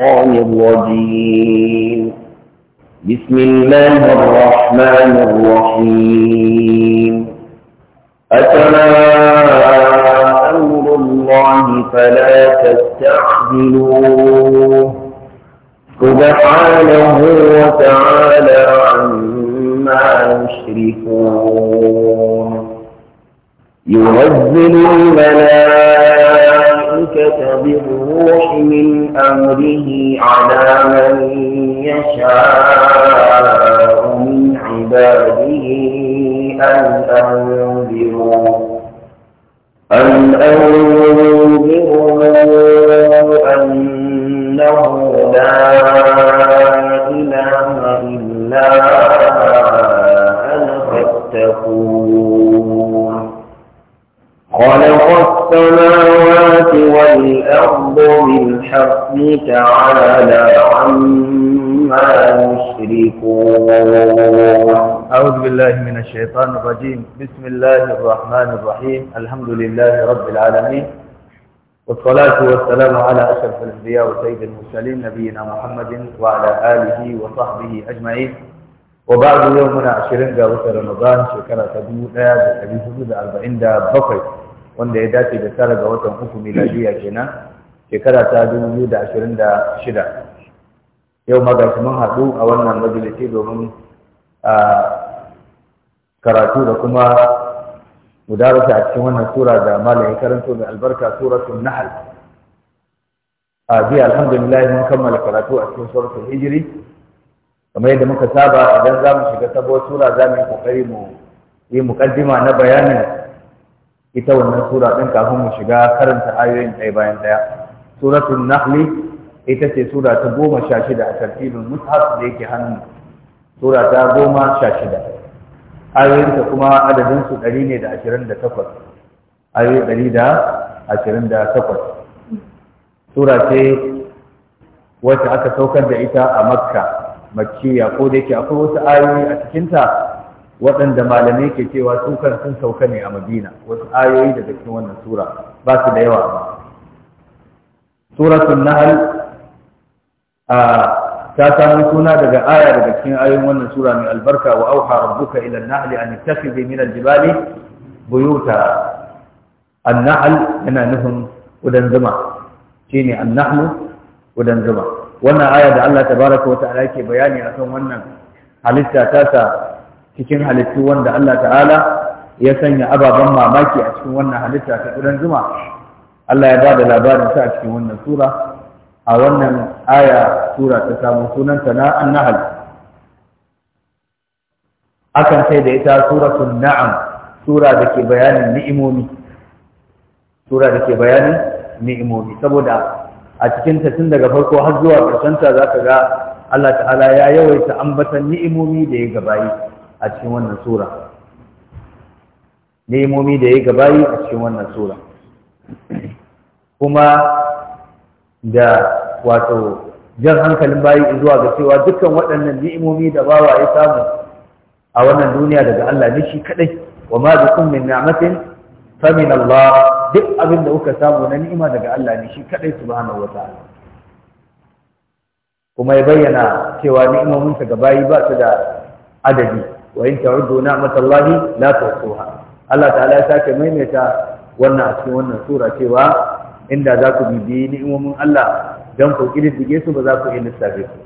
الشيطان الرجيم بسم الله الرحمن الرحيم أتنا أمر الله فلا تستعجلوه سبحانه وتعالى عما يشركون ينزل الملائكة ذلك بروح من أمره على من يشاء من عباده أن أنذروا أن أنذروا أنه لا الأرض بالحق تعالى عما يشركون أعوذ بالله من الشيطان الرجيم بسم الله الرحمن الرحيم الحمد لله رب العالمين والصلاة والسلام على أشرف الأنبياء وسيد المرسلين نبينا محمد وعلى آله وصحبه أجمعين وبعد يومنا عشرين جاوة رمضان شكرا تبوء أبي حدود أربعين دا بقي wanda ya dace da tara ga watan shekara ta dubu da ashirin da shida yau magashi mun haɗu a wannan majalisi domin a karatu da kuma mudarasa a cikin wannan sura da malamin karanto mai albarka suratul nahl a biya alhamdulillah mun kammala karatu a cikin suratul hijri kamar yadda muka saba idan za mu shiga sabuwar sura za mu yi kokari mu yi mukaddima na bayanin ita wannan sura ɗin kafin mu shiga karanta ayoyin ɗaya bayan ɗaya Suratun nahl ita ce sura ta goma sha shida a tartibin mushaf da yake hannu sura ta goma sha shida ayoyinta kuma adadinsu ɗari ne da ashirin da takwas ayoyi ɗari da ashirin da takwas sura ce wacce aka saukar da ita a makka makkiya ko da yake akwai wasu ayoyi a cikinta waɗanda malamai ke cewa sukan sun sauka ne a madina wasu ayoyi daga cikin wannan sura ba su da yawa suratun nahal a ta samu suna daga aya daga cikin ayoyin wannan sura mai albarka wa auha rabbuka ila an-nahli an ittakhidhi min al-jibali buyuta an-nahl yana nufin udan zuma shine an-nahl udan zuma wannan aya da Allah tabaraka wa ta'ala yake bayani akan wannan halitta tasa cikin halittu wanda Allah ta'ala ya sanya ababen mamaki a cikin wannan halitta ta udan zuma Allah ya ba da labarin ta a cikin wannan sura a wannan aya sura ta samu sunanta na annahal akan sai da ita suratul na'am sura da ke bayanin ni'imomi sura da ke bayanin ni'imomi saboda a cikin ta tun daga farko har zuwa ƙarshen ta zaka ga Allah ta'ala ya yawaita ambatan ni'imomi da ya gabayi a cikin wannan sura ni'imomi da ya gabayi a cikin wannan sura kuma da wato jan hankalin bayi zuwa ga cewa dukkan waɗannan ni'imomi da bawa ya samu a wannan duniya daga Allah ne shi kadai wa ma bikum min ni'matin fa min Allah duk abin da kuka samu na ni'ima daga Allah ne shi kadai subhanahu wataala kuma ya bayyana cewa ta ga bayi ba su da adadi wa in ta'uddu ni'matallahi la tuhsuha Allah ta'ala ya sake maimaita wannan a cikin wannan sura cewa inda za ku bibiyi ni'imomin Allah don ku kididdige su ba za ku iya lissafi su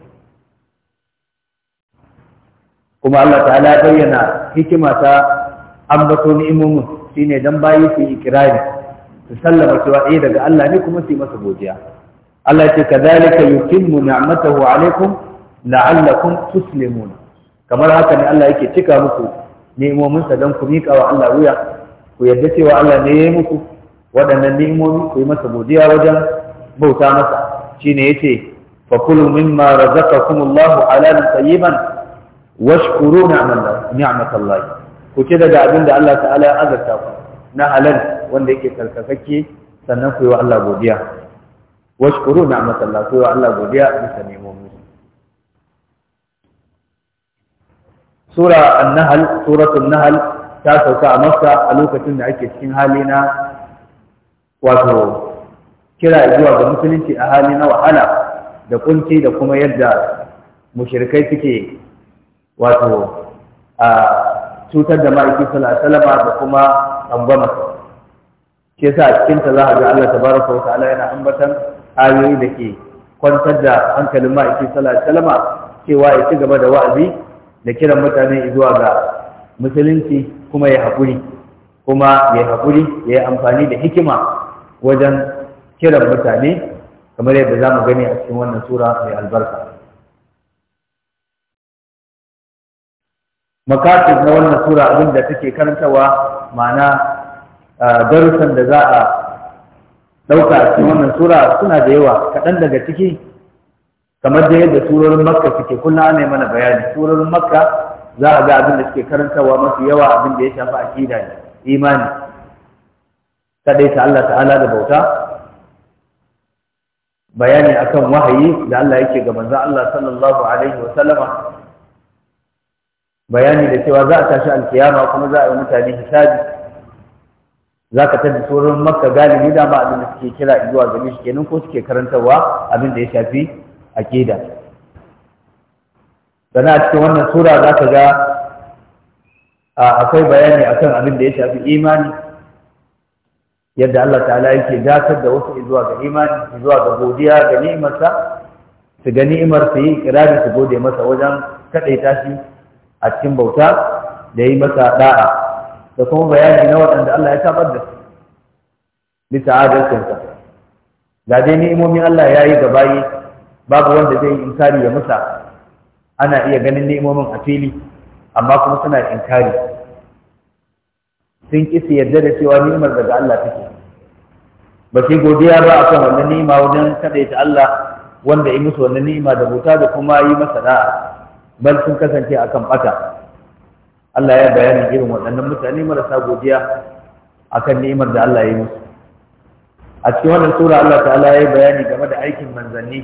kuma Allah ta'ala ya bayyana hikima ta ambato ni'imomin ne don bayi su yi ikirari su sallama cewa ɗaya eh, daga Allah ne kuma su yi masa godiya Allah ce kadhalika yutimmu ni'matahu alaikum la'allakum tuslimun kamar haka ne Allah yake cika muku ni'imominsa don ku miƙa wa Allah wuya ku yarda cewa Allah ne ya yi muku waɗannan ni'imomi ku yi masa godiya wajen bauta masa shine yace fa kulu mimma razaqakumullahu halalan tayyiban washkuru ni'matallahi ku ci daga abin da Allah ta'ala ya azarta ku na halal wanda yake karkakakke sannan ku yi wa Allah godiya washkuru ni'matallahi ku yi wa Allah godiya bisa ni'imomi sura an-nahl suratul nahl ta sauka a Makka a lokacin da ake cikin hali na wato kira zuwa ga musulunci a hali na wahala da kunci da kuma yadda mushirikai suke wato a cutar da ma'aiki salama da kuma angwama ke sa cikinta za a ga Allah tabaraka wa ta'ala yana ambatan ayoyi da ke kwantar da hankalin ma'aiki salama cewa ya ci gaba da wa'azi da kiran mutane zuwa ga musulunci kuma ya haƙuri kuma ya haƙuri ya yi amfani da hikima wajen kiran mutane kamar yadda za mu gani a cikin wannan sura mai albarka makasir na wannan sura abinda take karantawa ma'ana darussan da za a ɗauka a cikin wannan sura suna da yawa kaɗan daga ciki kamar da yadda surorin makka suke kullum ana mana bayani surorin makka za a ga abin da suke karantawa mafi yawa abin da ya shafi aƙida ne imani kadai ta Allah ta'ala da bauta bayani akan wahayi da Allah yake ga manzon Allah sallallahu alaihi wa sallama bayani da cewa za a tashi alkiyama kuma za a yi mutane hisabi za ka tafi tsoron makka galibi da ba abin da suke kira zuwa gani shi kenan ko suke karantarwa abin da ya shafi akida dana a cikin wannan sura za ka ga akwai bayani akan abin da ya shafi imani yadda Allah ta'ala yake dakar da wasu zuwa ga imani zuwa ga godiya ga ni'imarsa su ga ni'imar su yi ikirari su gode masa wajen kadaita shi a cikin bauta da yi masa da'a da kuma bayani na waɗanda Allah ya tabar da su bisa adalcinsa ga dai ni'imomin Allah ya yi gaba yi, babu wanda zai inkari ya musa ana iya ganin ni'imomin a fili amma kuma suna inkari sun ƙi su yarda da cewa ni'imar daga Allah take ba su godiya ba akan wannan ni'ima wajen kadaita Allah wanda ya musu wannan ni'ima da buta da kuma yi masa da'a bal sun kasance akan bata Allah ya bayani irin waɗannan mutane marasa godiya akan ni'imar da Allah ya yi musu a cikin wannan sura Allah ta'ala ya yi bayani game da aikin manzanni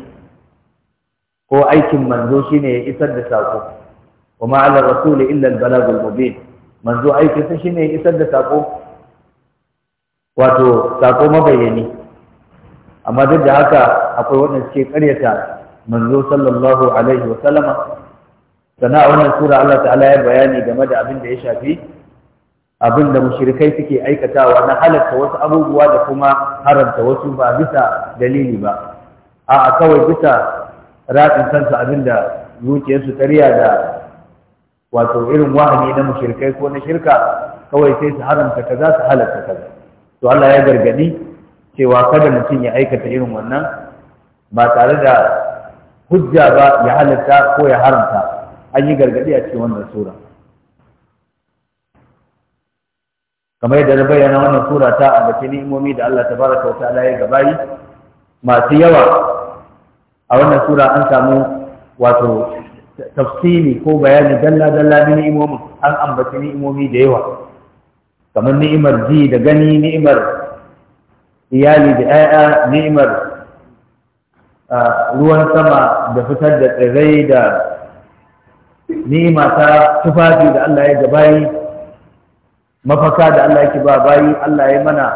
ko aikin manzo shine ya isar da sako wa ma'alar rasuli illa al-balagul mubin manzo aiki sa shine isar da sako wato sako mabayani amma duk da haka akwai wannan ce karyata manzo sallallahu alaihi wa sallama Sana'a wannan sura Allah ta'ala ya bayani game da abin da ya shafi abin da mushrikai suke aikatawa na halatta wasu abubuwa da kuma haramta wasu ba bisa dalili ba a'a kawai bisa ratin kansu abin da zuciyarsu riya da wato irin wahani na mushrikai ko na shirka kawai sai su haramta kaza su halatta kaza to Allah ya gargadi cewa kada mutum ya aikata irin wannan ba tare da hujja ba ya halatta ko ya haramta an yi gargadi a cikin wannan sura kamar yadda na bayyana wannan sura ta ambaci ni'imomi da Allah tabaraka wa ta'ala ya gabayi masu yawa a wannan sura an samu wato Tafsiri ko bayani dalla dalla ni ni'imomin an ambaci ni'imomi da yawa kamar ni'imar ji da gani ni'imar iyali da 'ya'ya ni'imar ruwan sama da fitar da tsirrai da ni'ima ta tufafi da Allah ya gabayi mafaka da Allah yake ba bayi Allah ya mana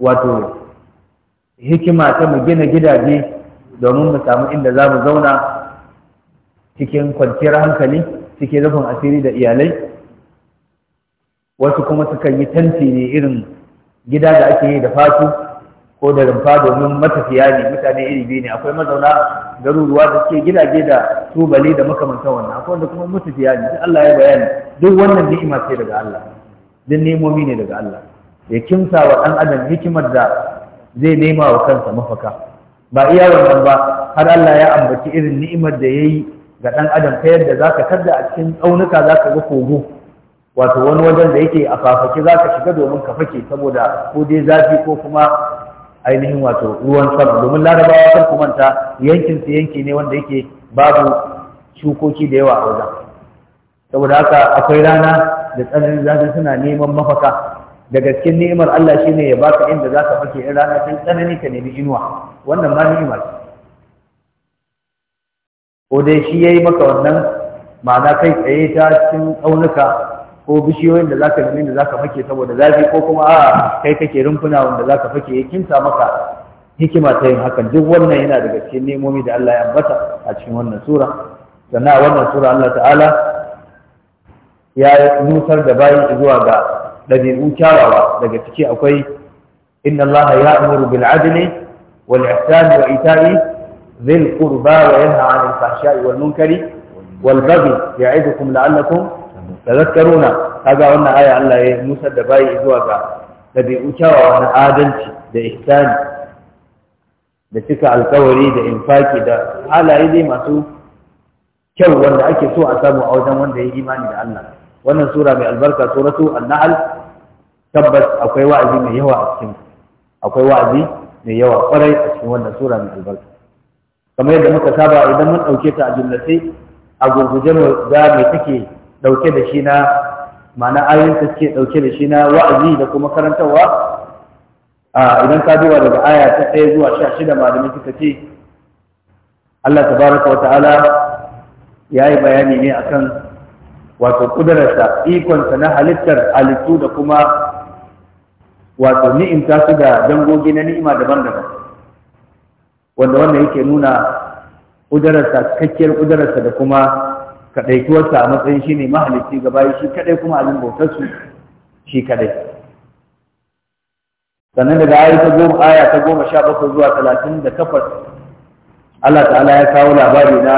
wato hikima ta mu gina gidaje domin mu samu inda za mu zauna cikin kwanciyar hankali cikin rufin asiri da iyalai wasu kuma sukan yi tanti ne irin gida da ake yi da fatu ko da rumfa domin matafiya ne mutane iri biyu ne akwai mazauna garuruwa da suke gidaje da tubali da makamantan wannan akwai wanda kuma matafiya ne Allah ya bayani duk wannan ni'ima ce daga Allah duk nemomi ne daga Allah ya kimsa wa ɗan adam hikimar da zai nema wa kansa mafaka ba iya wannan ba har Allah ya ambaci irin ni'imar da yayi ga ɗan adam ta yadda za ka tadda a cikin tsaunuka za ka ga kogo wato wani wajen da yake a fafake za ka shiga domin ka fake saboda ko dai zafi ko kuma ainihin wato ruwan sama domin larabawa kan kumanta yankin su yanki ne wanda yake babu shukoki da yawa a wajen saboda haka akwai rana da tsananin zafi suna neman mafaka da gaskiyar ni'imar Allah shine ya baka inda ka fake in rana tun tsanani ka nemi inuwa wannan ma ni'ima ce ko dai shi ya yi maka wannan ma'ana kai tsaye ta cikin tsaunuka ko bishiyoyin da zaka ka nemi da za fake saboda zafi ko kuma a kai kake rumfuna wanda zaka fake ya kinta maka hikima ta yin hakan duk wannan yana daga cikin nemomi da Allah ya ambata a cikin wannan sura sannan a wannan sura Allah ta'ala ya nusar da bayan zuwa ga ɗabi'u kyawawa daga ciki akwai inna Allah ya amuru bil adli wal ihsani wa ita'i bil qurba wa yanha 'anil fahsha'i wal munkari wal baghi ya'idukum la'allakum tadhakkaruna kaga wannan aya Allah ya Musa da bayi zuwa ga dabi'u kyawawa na adalci da ihsani da cika alkawari da infaki da halaye dai masu kyau wanda ake so a samu a wajen wanda ya yi imani da Allah wannan sura mai albarka suratu an-nahl tabbas akwai wa'azi mai yawa a cikin akwai wa'azi mai yawa kwarai a cikin wannan sura mai albarka kamar yadda muka saba idan mun ɗauke ta a jullace a gurguje mu ga me take ɗauke da shi na ma'ana ayoyin ta suke ɗauke da shi na wa'azi da kuma karantarwa a idan ka duba daga aya ta ɗaya zuwa sha shida malamai kika ce Allah Ta baraka wa ta'ala ya yi bayani ne akan wato ƙudurarsa ikonsa na halittar halittu da kuma wato ni'imta su da dangogi na ni'ima daban-daban wanda wannan yake nuna ƙudurarsa cikakkiyar da kuma kaɗaikuwarsa a matsayin shine, ne mahalicci gaba shi kaɗai kuma abin bautarsu shi kaɗai sannan daga aya ta goma aya ta goma sha bakwai zuwa talatin da takwas Allah ta'ala ya kawo labari na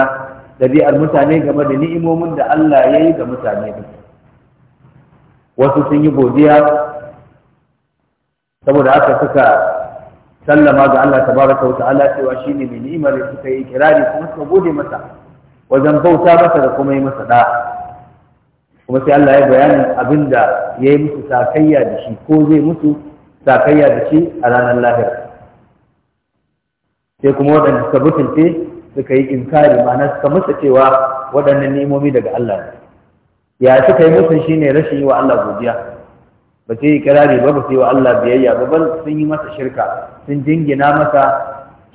ɗabi'ar mutane game da ni'imomin da Allah ya yi ga mutane wasu sun yi godiya saboda aka suka sallama ga Allah ta tabaraka wa ta'ala cewa shine mai ni'imar da suka yi kirari kuma suka gode masa wajen bauta masa da kuma yi masa da kuma sai Allah ya bayanin abin da ya yi musu sakayya da shi ko zai musu sakayya da shi a ranar lahira sai kuma waɗanda suka mutunce suka yi inkari ma'ana suka musu cewa waɗannan ni'imomi daga Allah ne ya suka yi musu shi ne rashin yi wa Allah godiya ba sai yi kirari ba ba sai yi wa Allah biyayya ba sun yi masa shirka sun jingina masa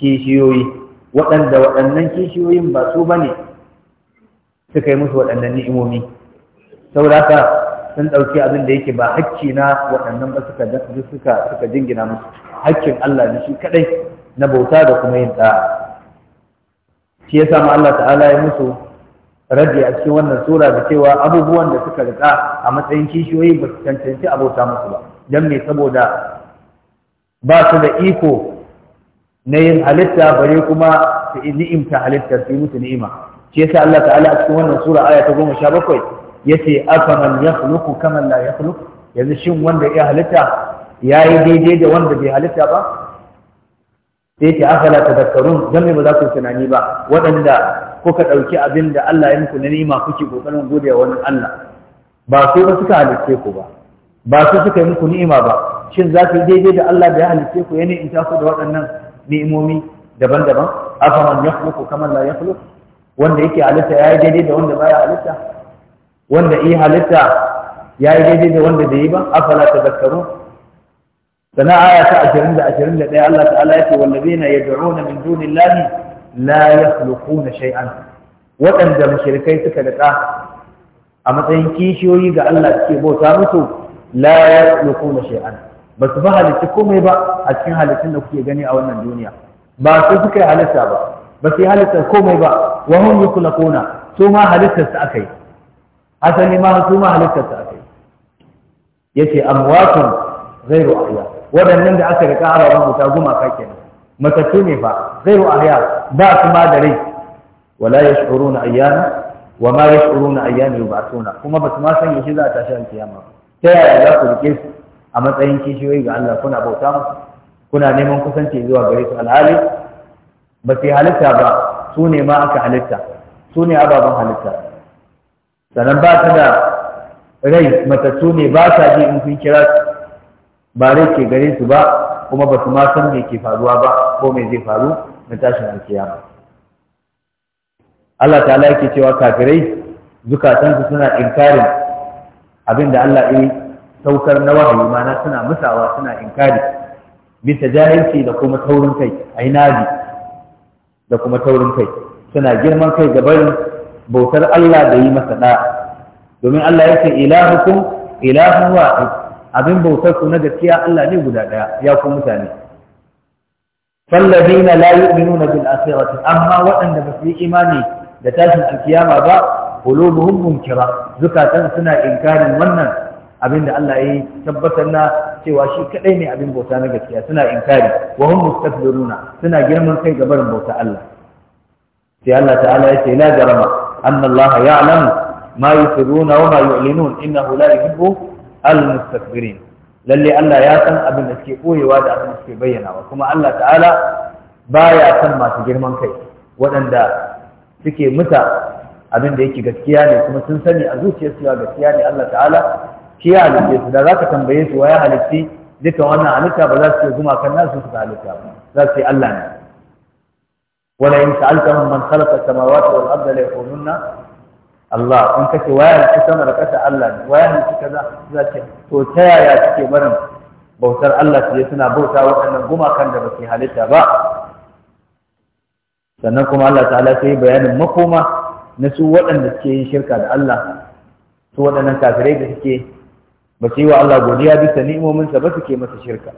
kishiyoyi waɗanda waɗannan kishiyoyin ba su ne suka yi musu waɗannan ni'imomi sauraka sun ɗauki abin da yake ba hakki na waɗannan ba suka suka jingina musu hakkin Allah ne shi kaɗai na bauta da kuma yin ɗa'a shi yasa ma Allah ta'ala ya musu rabi a cikin wannan sura da cewa abubuwan da suka rika a matsayin kishiyoyi ba su cancanci abota musu ba don me saboda ba su da iko na yin halitta bare kuma su ni'imta halittar su yi musu ni'ima shi yasa Allah ta'ala a cikin wannan sura aya ta goma sha bakwai Ya yace afaman yakhluqu kaman la yakhluq yanzu shin wanda ya halitta ya yi daidai da wanda bai halitta ba sai ta afala tadakkarun dan me ba za ku tunani ba waɗanda kuka ɗauki abin da Allah ya muku na ni'ima kuke gode wa wani Allah ba su ba suka halitte ku ba ba su suka yi muku ni'ima ba shin za ku yi daidai da Allah da ya halice ku ya ni'imta ku da waɗannan ni'imomi daban-daban afaman yakhluqu kaman la yakhluq wanda yake halitta yayi daidai da wanda baya halitta wanda yi halitta yayi daidai da wanda bai yi ba afala tadhakkarun sana aya ta 20 da 21 Allah ta'ala yake wallazina yad'una min dunillahi la yakhluquna shay'an waɗanda mushrikai suka rika a matsayin kishiyoyi ga Allah suke bauta musu la ya na shay'an ba su ba halitta komai ba a cikin halittun da kuke gani a wannan duniya ba su suka yi halitta ba ba su yi halitta komai ba wa kula yukhlaquna su ma halittar su akai asali ma su ma halittar su akai yace amwatun ghairu ahya waɗannan da aka riƙa a rubuta gumaka kenan matattu ne fa ghairu ahya ba su ma da rai wala na ayyana wa ma yash'uruna ayyana yub'athuna kuma ba su ma san yaushe za a tashi alkiyama ba ta yaya za ku rike su a matsayin kishiyoyi ga Allah kuna bauta musu kuna neman kusanci zuwa gare su alhali ba su halitta ba su ne ma aka halitta su ne ababen halitta sannan ba ta da rai matattu ne ba sa ji in kun kira su ba rai ke gare su ba kuma ba su ma san me ke faruwa ba ko me zai faru na tashin alkiyama Allah ta'ala yake cewa kafirai zukatansu suna inkarin abinda Allah ya saukar na wahayi ma na suna musawa suna inkari bisa jahilci da kuma taurin kai ai nabi da kuma taurin kai suna girman kai ga barin bautar Allah da yi masa da domin Allah yake ilahukum ilahun wahid abin bautar ku na gaskiya Allah ne guda daya ya ku mutane fallazina na yu'minuna bil akhirati amma waɗanda ba su yi imani da tashin alkiyama ba qulubuhum munkira zukatan suna inkarin wannan abinda Allah ya tabbatar na cewa shi kadai ne abin bauta na gaskiya suna inkari wa hum mustakbiruna suna girman kai ga barin bauta Allah sai Allah ta'ala ya ce la jarama anna Allah ya'lamu ma yusirruna wa ma yu'linun innahu la yuhibbu al-mustakbirin lalle Allah ya san abin da suke koyewa da abin da suke bayyanawa kuma Allah ta'ala baya san masu girman kai waɗanda suke muta abin da yake gaskiya ne kuma sun sani a zuciyar cewa gaskiya ne Allah ta'ala shi ya halitta su da za ka tambaye su waya halitti dukan wannan halitta ba za su ce gumakan nasu suka halitta ba za su ce Allah ne wala in sa'altahum man khalaqa samawati wal arda la yaquluna Allah in kace waya halitta sama da kasa Allah ne waya halitta kaza za ce to ta yaya suke barin bautar Allah su je suna bauta waɗannan gumakan da ba su halitta ba sannan kuma Allah ta'ala sai bayanin makoma na su waɗanda suke yin shirka da Allah su waɗannan kafirai da suke ba su yi wa Allah godiya bisa ni'imominsa ba suke masa shirka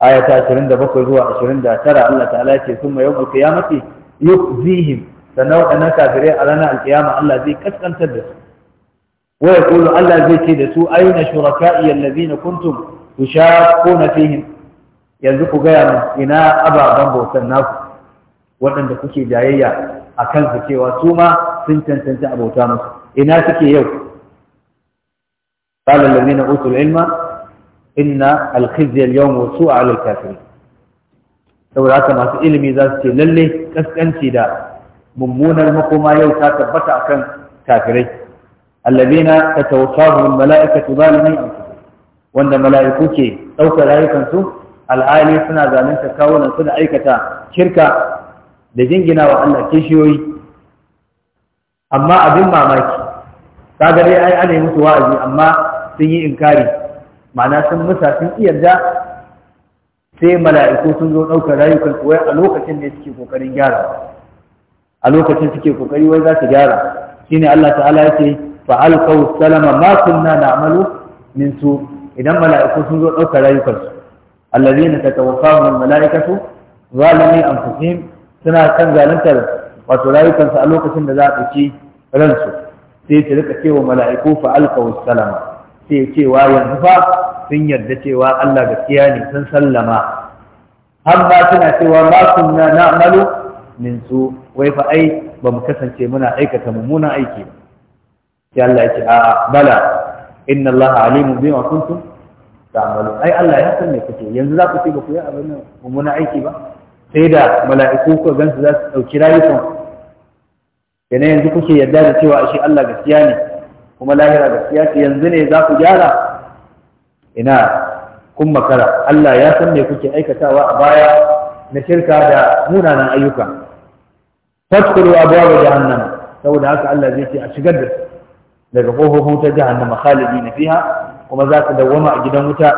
aya ta 27 zuwa 29 Allah ta'ala ya ce summa yawmul qiyamati yukhzihim sannan waɗannan kafirai a ranar alkiyama Allah zai kaskantar da su wa yaqulu Allah zai ce da su aina shuraka'i allazina kuntum tushaquna fihim yanzu ku gaya mu ina ababen bautan naku waɗanda kuke jayayya a kansu cewa su ma sun cancanci abota musu ina suke yau قال الذين اوتوا العلم ان الخزي اليوم والسوء على الكافرين saboda haka masu ilimi za su ce lalle kaskanci da mummunar makoma yau ta tabbata akan kafirai allazina tatawaffahu almalaikatu zalimi anfusihim wanda malaiku ke ɗaukar rayukansu al'ali suna zalunta kawunan suna aikata kirka. da jingina wa Allah kishiyoyi amma abin mamaki ga dai ai ana yi musu wa'azi amma sun yi inkari ma'ana sun musa sun iya da. sai mala'iku sun zo ɗaukar rayukan wai a lokacin ne suke kokarin gyara a lokacin suke kokari wai za su gyara shine Allah ta'ala yake fa alqaw salama ma kunna na'malu min su idan mala'iku sun zo ɗaukar rayukan su allazina tatawaffahum al-mala'ikatu zalimi anfusihim suna kan zaluntar wato rayukansu a lokacin da za a ɗauki ransu sai su rika cewa mala'iku fa alqaw salama sai cewa yanzu fa sun yarda cewa Allah gaskiya ne sun sallama har ba suna cewa ba su na na'malu min su wai fa ai ba mu kasance muna aikata mummunan aiki ba sai Allah ya ce a'a bala inna Allah alimun bima kuntum ta'malu ai Allah ya san me kuke yanzu za ku ce ba ku yi abin mummunan aiki ba sai da mala'iku ku gansu za su ɗauki rayukan kenan yanzu kuke yarda da cewa ashe Allah gaskiya ne kuma lahira gaskiya ce yanzu ne za ku gyara ina kun makara Allah ya san me kuke aikatawa a baya na shirka da munanan ayyuka fadkhulu abwaaba jahannam saboda haka Allah zai ce a shigar da daga kofofin ta jahannama khalidina fiha kuma za ka dawwama a gidan wuta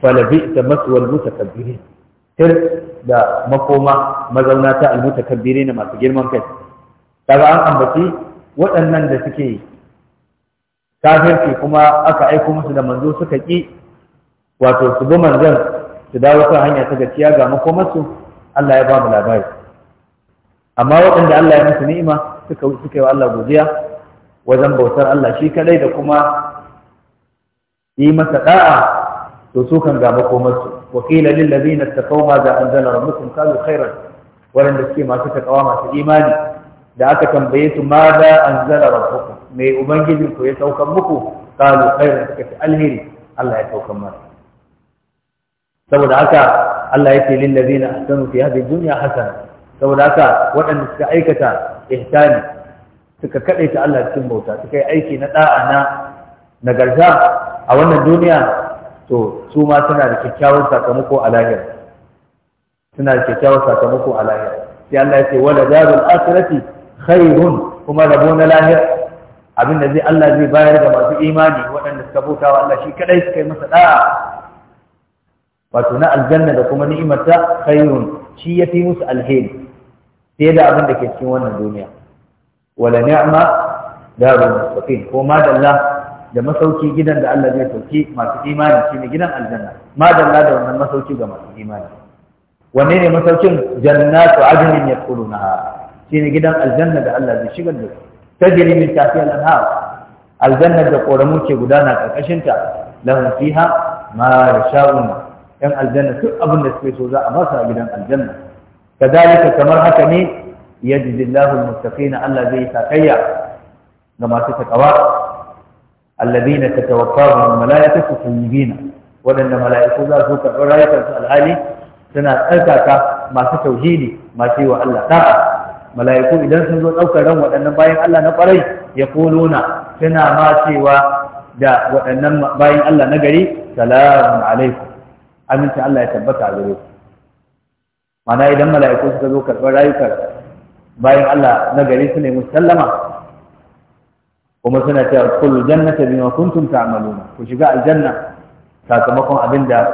falabi ta maswal mutakabbirin tir da makoma mazauna ta almutakabbiri ne masu girman kai daga an ambaci waɗannan da suke kafirci kuma aka aiko musu da manzo suka ki wato su bi manzon su dawo kan hanya ta gaciya ga makomarsu Allah ya ba mu labari amma waɗanda Allah ya musu ni'ima suka suka yi wa Allah godiya wajen bautar Allah shi kadai da kuma yi masa da'a to su kan ga makomarsu وقيل للذين اتقوا ماذا أنزل ربكم قالوا خيرا ولن نسكي ما ستقوا ما zara دعاك mai ماذا أنزل ربكم مي أبنجدكم يتوكمكم suka ce alheri Allah ya يتوكم ماذا saboda haka Allah yake lil ladina ahsanu fi hadhihi dunya hasana saboda haka waɗanda suka aikata ihsani suka kadaita Allah cikin bauta suka yi aiki na da'a na nagarta a wannan duniya to su ma suna da kyakkyawar sakamako a lahira suna da kyakkyawar sakamako a lahira sai Allah ya ce wala darul akhirati khairun kuma rabo na lahira abin da zai Allah zai bayar da masu imani waɗanda suka bauta wa Allah shi kadai suka yi masa da'a wato na aljanna da kuma ni'imarta khairun shi yafi musu alheri sai da abin da ke cikin wannan duniya wala ni'ma darul mustaqim ko ma Allah? da masauki gidan da Allah zai sauki masu imani shine gidan aljanna ma dalla da wannan masauki ga masu imani wanne ne masaukin jannatu adnin yadkhulunaha shine gidan aljanna da Allah zai shigar da su tajri min tahtiha al-anhar aljanna da koramu ke gudana karkashin ta lahum fiha ma yasha'una yan aljanna duk abin da suke so za a masa a gidan aljanna kadalika kamar haka ne yajzillahu al-muttaqina Allah zai sakayya ga masu takawa alladhina tatawaffahum almalaikatu tayyibina wadanda malaiku za su karɓi rayukansu alhali suna tsarkaka masu tauhidi masu yi wa Allah ta'a mala'iku idan sun zo ɗaukar ran waɗannan bayan Allah na ƙwarai ya kuluna suna ma cewa da waɗannan bayan Allah na gari salamun alaikum amincin Allah ya tabbata a gare ku mana idan mala'iku suka zo karɓar rayukan bayan Allah na gari su ne musallama kuma suna cewa kullu jannata bima kuntum ta'maluna ku shiga aljanna sakamakon abin da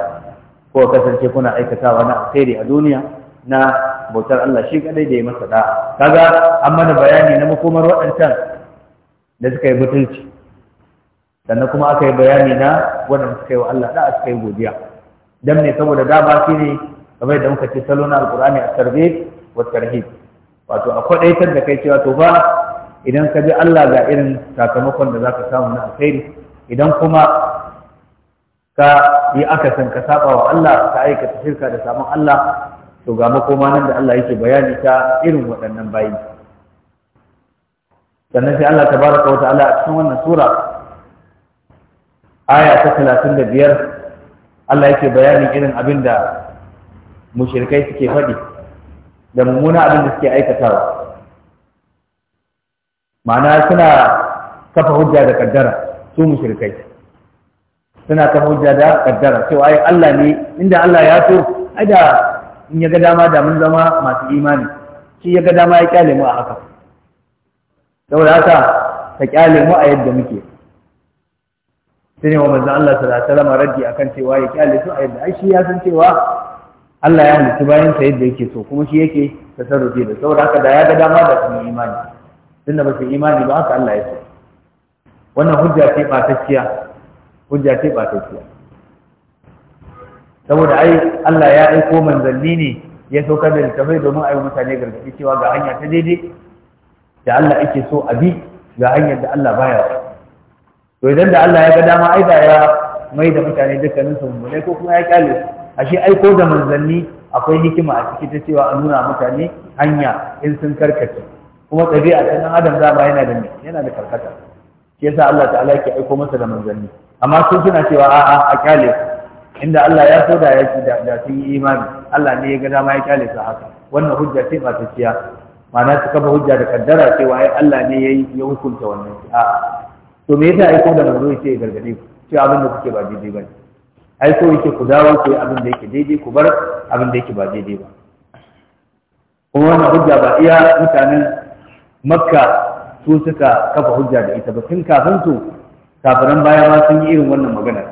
ko kasance kuna aikatawa na alkhairi a duniya na bautar Allah shi kadai da ya masa da kaga an mana bayani na makomar waɗancan da suka yi butulci sannan kuma aka yi bayani na waɗanda suka yi wa Allah da suka yi godiya dan ne saboda dama shi ne kamar da muka ce salo na alqur'ani a tarbe wa tarhib wato akwai kwadaitar da kai cewa to ba idan ka ji Allah ga irin sakamakon da za ka samu na alkhairi idan kuma ka yi akasin ka saba wa Allah ka aikata shirka da samun Allah to ga makoma nan da Allah yake bayani ta irin waɗannan bayi sannan sai Allah tabaraka wa ta'ala a cikin wannan sura aya ta talatin da biyar Allah yake bayanin irin abin da mushrikai suke faɗi da mummuna abin da suke aikatawa ma'ana suna kafa hujja da kaddara su mushrikai suna kafa hujja da kaddara cewa ai Allah ne inda Allah ya so ai da in ya ga dama da mun zama masu imani shi ya ga dama ya kyale mu a haka saboda haka ka kyale mu a yadda muke sai wa manzo Allah sallallahu alaihi wasallam raddi akan cewa ya kyale su a yadda ai shi ya san cewa Allah ya halitta bayan sa yadda yake so kuma shi yake tasarrufi da saboda haka da ya ga dama da kuma imani tunda ba su imani ba haka Allah ya ce wannan hujja ce batacciya hujja ce batacciya saboda ai Allah ya aiko manzanni ne ya saukar da littafai domin ayi mutane gargaɗi cewa ga hanya ta daidai da Allah ake so a bi ga hanyar da Allah baya ba. to idan da Allah ya ga dama ai da ya mai da mutane dukkanin su mummune ko kuma ya kyale su ashe aiko da manzanni akwai hikima a ciki ta cewa a nuna mutane hanya in sun karkace kuma ɗabi'a ta ɗan adam ba yana da yana da karkata Ke sa Allah ta'ala ke aiko masa da manzanni amma sun suna cewa a'a a kyale inda Allah ya so da ya ci da sun yi imani Allah ne ya ga dama ya kyale su haka wannan hujja ce ba ta ciya ma'ana su kafa hujja da kaddara cewa ai Allah ne ya ya hukunta wannan a'a to me yasa aiko da manzo yace gargade ku cewa abin da kuke ba daidai ba ne ai so yake ku dawo ku yi abin da yake daidai ku bar abin da yake ba daidai ba kuma wannan hujja ba iya mutanen makka su suka kafa hujja da ita ba tun kafin su kafiran baya ma sun yi irin wannan magana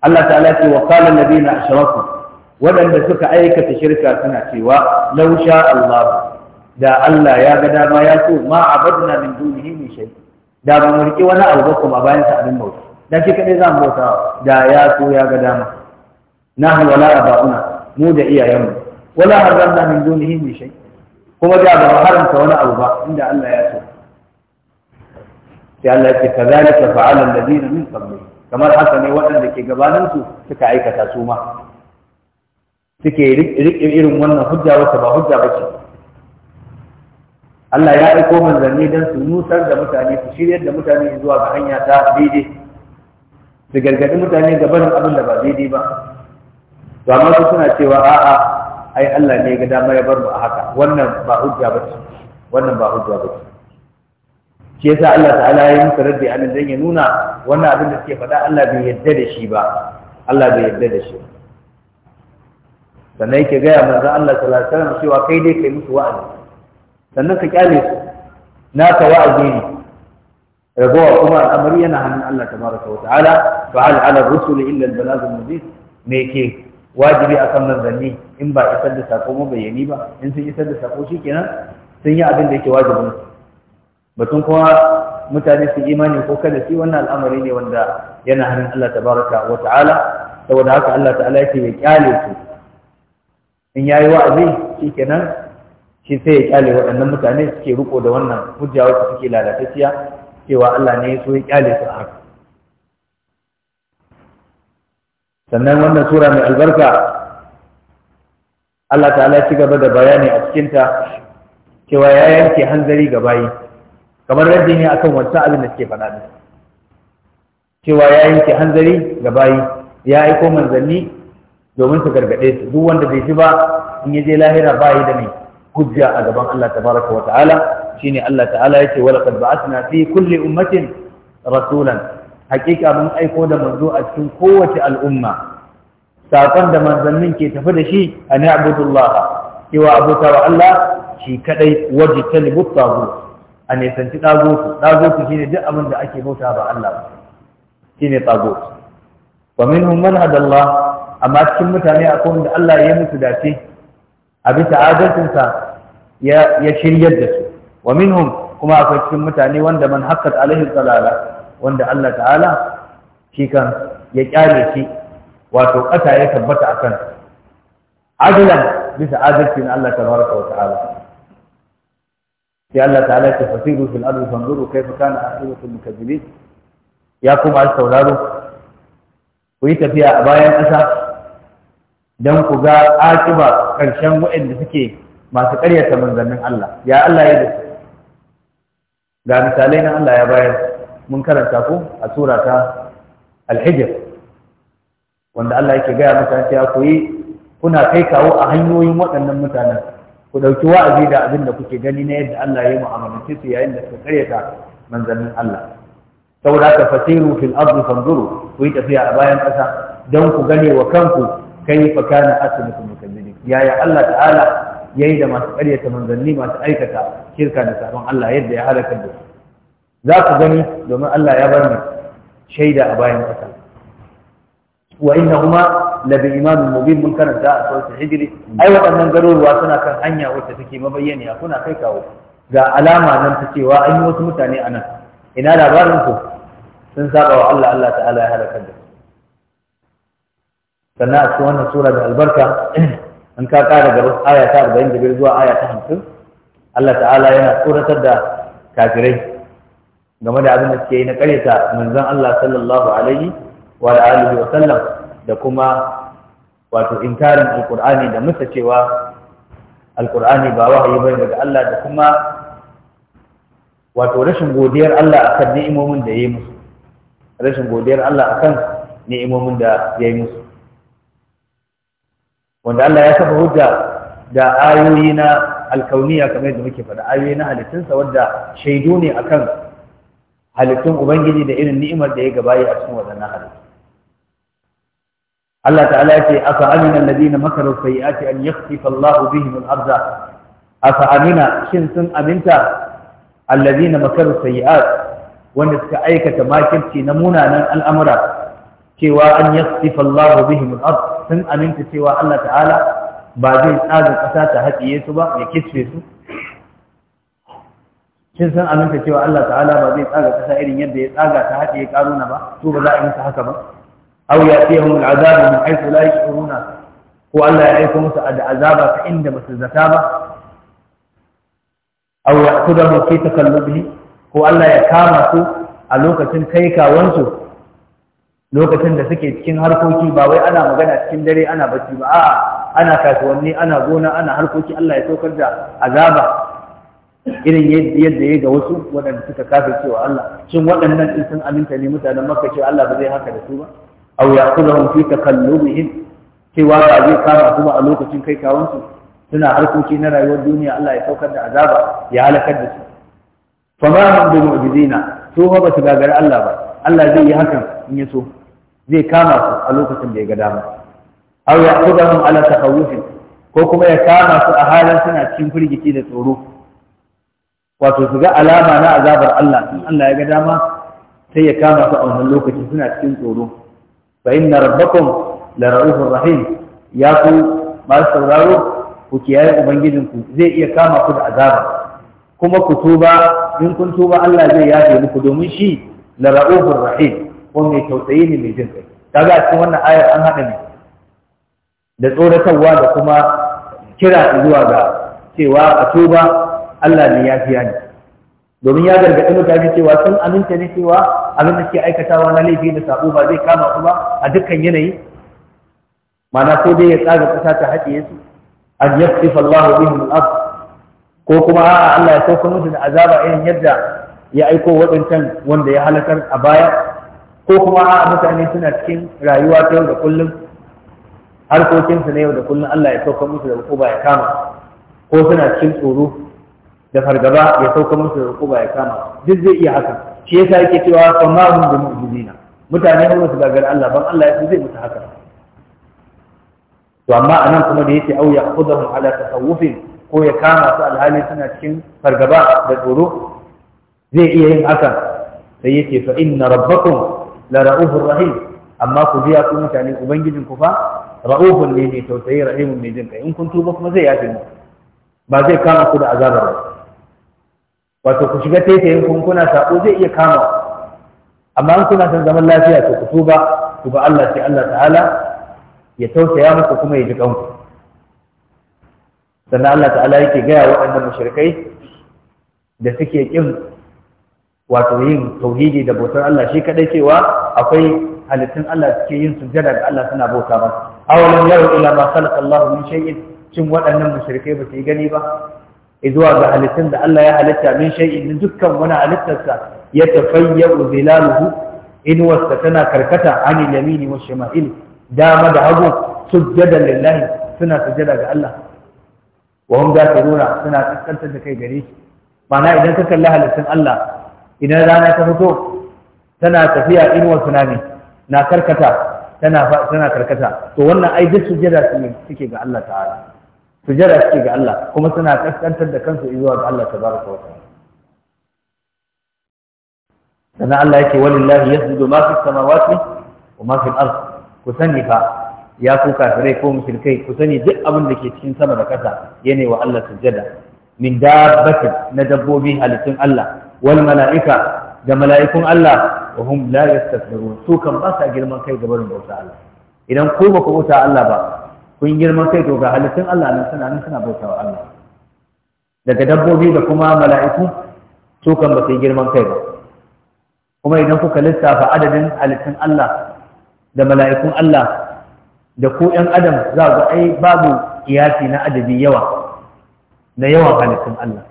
Allah ta'ala ce wa qala alladhina ashraku waɗanda suka aikata shirka suna cewa law sha Allah da Allah ya ga dama ya so ma abadna min dunihi min shay da ba mu riki wani abu ba kuma bayan sa abin bauta da shi kadai za mu bauta da ya so ya ga dama nahnu wala aba'una mu da iyayenmu wala harramna min dunihi min shay kuma da ba haramta wani abu ba inda Allah ya so sai Allah ya ce kazalika fa'ala alladhina min qablihim kamar haka ne waɗanda ke gabaninsu suka aikata su ma suke riƙe irin wannan hujja wata ba hujja ba ce Allah ya aiko manzanni don su nusar da mutane su shiryar da mutane zuwa ga hanya ta daidai su gargadi mutane ga barin abin da ba daidai ba to amma su suna cewa a'a ai Allah ne ga dama ya bar mu a haka wannan ba hujja ba ce wannan ba hujja ba ce shi yasa Allah ta'ala ya musu raddi anan dan ya nuna wannan abin da suke faɗa Allah bai yarda da shi ba Allah bai yarda da shi sannan yake gaya manzo Allah sallallahu alaihi wasallam cewa kai dai kai musu wa'azi sannan ka kyale su Na naka wa'azi ne ragowa kuma al'amari yana hannun Allah tabaraka wa ta'ala fa hal ala rusul illa al balagh mubin me ke wajibi akan manzanni in ba isar da sako mabayani ba in sun isar da sako shikenan sun yi abin da yake wajibin batun kuma mutane su imani ko kada shi wannan al'amari ne wanda yana hannun Allah tabaraka wa ta'ala saboda haka Allah ta'ala yake ya kyale su in yayi wa'azi shikenan shi sai ya kyale waɗannan mutane suke riko da wannan hujja wacce suke lalatacciya cewa Allah ne ya so ya kyale su haka sannan wannan sura mai albarka Allah ta'ala ya ci gaba da bayani a cikinta cewa ya yanke hanzari ga bayi kamar raddi ne akan wancan abin da suke faɗa cewa ya yanke hanzari ga bayi ya aiko manzanni domin su gargaɗe su duk wanda bai shi ba in ya je lahira bayi da mai hujja a gaban Allah tabaraka wa ta'ala shine Allah ta'ala yace wa laqad ba'athna fi kulli ummatin rasulan hakika mun aiko da manzo a cikin kowace al'umma sakon da manzannin ke tafi da shi a ni abudullah cewa abota wa Allah shi kadai waje talibu tsago a nisanci tsagotu tsagotu shine duk abin da ake bauta ba Allah ne tsagotu wa minhum man hadallah amma cikin mutane akwai wanda Allah ya musu dace a bisa adalcinsa ya shiryar da su wa minhum kuma akwai cikin mutane wanda man haqqat alaihi salala wanda Allah ta'ala shi kan ya kyale shi wato ƙasa ya tabbata a kan adilan bisa adalci na Allah tabaraka wa ta'ala sai Allah ta'ala ya tafsiru fil ardi fanzuru kayfa kana aqibatul mukazzibin ya kuma sauraro ku yi tafiya a bayan ƙasa don ku ga aƙiba ƙarshen waɗanda suke masu ƙaryata manzannin Allah ya Allah ya ga misalai na Allah ya bayar mun karanta ku? a sura ta al wanda Allah yake gaya mutane cewa ku yi kuna kai kawo a hanyoyin waɗannan mutanen ku ɗauki wa'azi da abin da kuke gani na yadda Allah ya yi mu'amalance su yayin da suka karyata manzannin Allah saboda ka fasiru fil ardi fanzuru ku yi tafiya a bayan ƙasa don ku gane wa kanku kai fa kana aslikum mukallidin yaya Allah ta'ala yayi da masu karyata manzanni masu aikata shirka da sabon Allah yadda ya halaka da su za ku gani domin Allah ya bar shaida a bayan ƙasa wa innahuma kuma bi imamin mubin mun karanta a sautin hijri ai waɗannan garuruwa suna kan hanya wacce take a kuna kai kawo ga alama nan ta cewa an yi wasu mutane a nan ina labarin ku sun saba wa Allah Allah ta'ala ya halaka da sannan a cikin wannan sura da albarka an ka kara gaba aya ta 45 zuwa aya ta 50 Allah ta'ala yana tsoratar da kafirai game da abin da suke yi na karyata manzon Allah sallallahu alaihi wa alihi wa sallam da kuma wato inkarin alqur'ani da musa cewa alqur'ani ba wahayi bane daga Allah da kuma wato rashin godiyar Allah akan ni'imomin da yi musu rashin godiyar Allah akan ni'imomin da yi musu wanda Allah ya kafa hujja da ayoyi na alkauniya kamar yadda muke faɗa ayoyi na halittunsa wanda shaidu ne akan halittun ubangiji da irin ni'imar da ya gabaye a cikin wadannan halittu Allah ta'ala ce afa amina alladhina makaru sayyi'ati an yakhsifa Allah bihim al-ardha afa amina shin sun aminta alladhina makaru sayyi'at wanda suka aikata makirci na munanan al'amura cewa an yakhsifa Allah bihim al-ardh sun aminta cewa Allah ta'ala ba zai tsaga ƙasa ta haɗiye su ba ya kisfe su kin san aminta cewa Allah ta'ala ba zai tsaga kasa irin yadda ya tsaga ta haɗe ya karuna ba to ba za a yi masa haka ba aw yatihum al'azab min haythu la yash'uruna ko Allah ya aika musu da azaba ta inda ba su zata ba aw ya'khudhu fi takallubihi ko Allah ya kama su a lokacin kai kawansu lokacin da suke cikin harkoki ba wai ana magana cikin dare ana bacci ba a'a ana kasuwanni ana gona ana harkoki Allah ya saukar da azaba irin yadda ya ga wasu waɗanda suka kafe cewa Allah shin waɗannan in sun aminta ne mutanen Makka cewa Allah ba zai haka da su ba aw yaqulhum fi takallubihim cewa ba zai kama su ba a lokacin kai kawansu suna harkoki na rayuwar duniya Allah ya saukar da azaba ya halakar da su fama hum bi mu'jizina su ba su gagara Allah ba Allah zai yi hakan in ya so zai kama su a lokacin da ya ga dama aw yaqulhum ala tahawufin ko kuma ya kama su a halin suna cikin firgici da tsoro wato su ga alama na azabar Allah in Allah ya ga dama sai ya kama su a wannan lokaci suna cikin tsoro fa inna rabbakum la ra'ufur rahim ya ku masu sauraro ku kiyaye ku zai iya kama ku da azaba kuma ku tuba in kun tuba Allah zai yafe muku domin shi la ra'ufur rahim ko mai tausayi ne mai jin kai kaga cikin wannan ayar an haɗa ne da tsoratarwa da kuma kira zuwa ga cewa a tuba Allah ne ya fiya ni domin ya gargaɗi mutane cewa sun aminta ne cewa abin da ke aikatawa na laifi da sabo ba zai kama su ba a dukkan yanayi mana ko dai ya tsaga kusa ta haɗiye su an yaktifa Allah bihim al-ard ko kuma a'a Allah ya sauka musu da azaba irin yadda ya aiko waɗancan wanda ya halakar a baya ko kuma a'a mutane suna cikin rayuwa ta yau da kullum harkokinsu na yau da kullum Allah ya sauka musu da ba ya kama ko suna cikin tsoro da fargaba ya sauka musu da hukuma ya kama duk zai iya haka shi yasa yake cewa fa ma hum bi mu'minina mutane ne su gagar Allah ban Allah ya zai mutu haka to amma anan kuma da yake au ya khudhum ala tasawufin ko ya kama su alhali suna cikin fargaba da tsoro zai iya yin haka sai yake fa inna rabbakum la ra'ufur rahim amma ku biya ku mutane ubangijin ku fa ra'ufun ne ne tausayi rahimun ne jin kai in kun tuba kuma zai yafe mu ba zai kama ku da azabar ba wato ku shiga taitayin kun kuna sako zai iya kama amma in kuna son zaman lafiya to ku tuba ku ba Allah sai Allah ta'ala ya tausaya muku kuma ya ji kanku sannan Allah ta'ala yake gaya waɗannan mushrikai da suke kin wato yin tauhidi da bautar Allah shi kadai cewa akwai halittun Allah suke yin sujjada ga Allah suna bauta ba. awalan yau ila ma khalaqa Allah min shay'in cin waɗannan mushrikai ba su yi gani ba zuwa ga halittun da Allah ya halitta min shay'in dukkan wani halittarsa ya tafayyu zilaluhu inuwarsa tana karkata anil yamini wa shima'il dama da hagu sujjada lillahi suna sujjada ga Allah wa hum nuna suna kaskantar da kai gare shi ma'ana idan ka kalli halittun Allah idan rana ta fito tana tafiya inuwar suna ne na karkata tana tana karkata to wannan ai duk sujjada suke ga Allah ta'ala sujada suke ga Allah kuma suna kaskantar da kansu zuwa ga Allah tabaraka wa ta'ala sannan Allah yake walillahi yasjudu ma fi samawati wa ma fi al-ard ku sani fa ya ku kafirai ko mushrikai ku sani duk abin da ke cikin sama da kasa yana wa Allah sujada min dabbatin na dabbobi halittun Allah wal mala'ika da mala'ikun Allah wa hum la yastakbirun su kan ba sa girman kai barin bauta Allah idan ko ba ku bauta Allah ba kun girman kai to ga halittun Allah nan suna nan suna bautawa Allah daga dabbobi da kuma mala'iku su kan ba su girman kai ba kuma idan kuka lissafa adadin halittun Allah da mala'ikun Allah da ku ‘yan adam za ku ai babu kiyasi na adadi yawa na yawan halittun Allah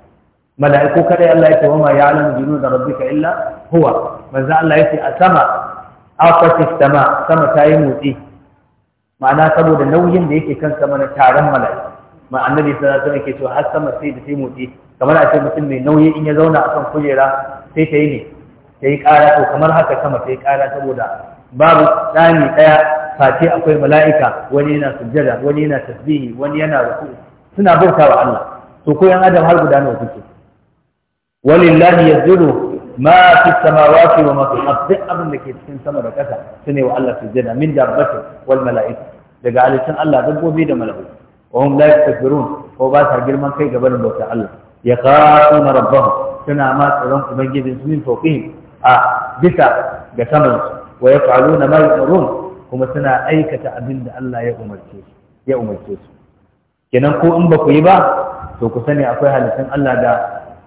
mala'iku kadai Allah ya ce wa ma ya alam jinu da rabbika illa huwa manzo Allah ya ce a sama aqatis sama sama ta yi motsi ma'ana saboda nauyin da yake kansa mana taron mala'iku ma annabi sallallahu alaihi yake cewa har sama sai da sai motsi kamar a ce mutum mai nauyi in ya zauna akan kujera sai ta yi ne ta yi ƙara to kamar haka sama ta yi ƙara saboda babu tsami ɗaya face akwai mala'ika wani yana sujjada wani yana tasbihi wani yana ruku suna bauta wa Allah to ko adam har guda nawa kuke walillahi yazuru ma fi samawati wa ma fi ardi abin da ke cikin sama da ƙasa sune wa Allah sujjada min dabbati wal mala'ika daga halittun Allah dabbobi da mala'u wa hum la yastakbirun ko ba sa girman kai gaban bauta Allah ya qasu rabbahum suna ma tsaron ubangijin su min fawqihim a bisa ga saman su wa yaf'aluna ma yu'marun kuma suna aikata abin da Allah ya umarce su ya umarce su kenan ko in ba ku yi ba to ku sani akwai halittun Allah da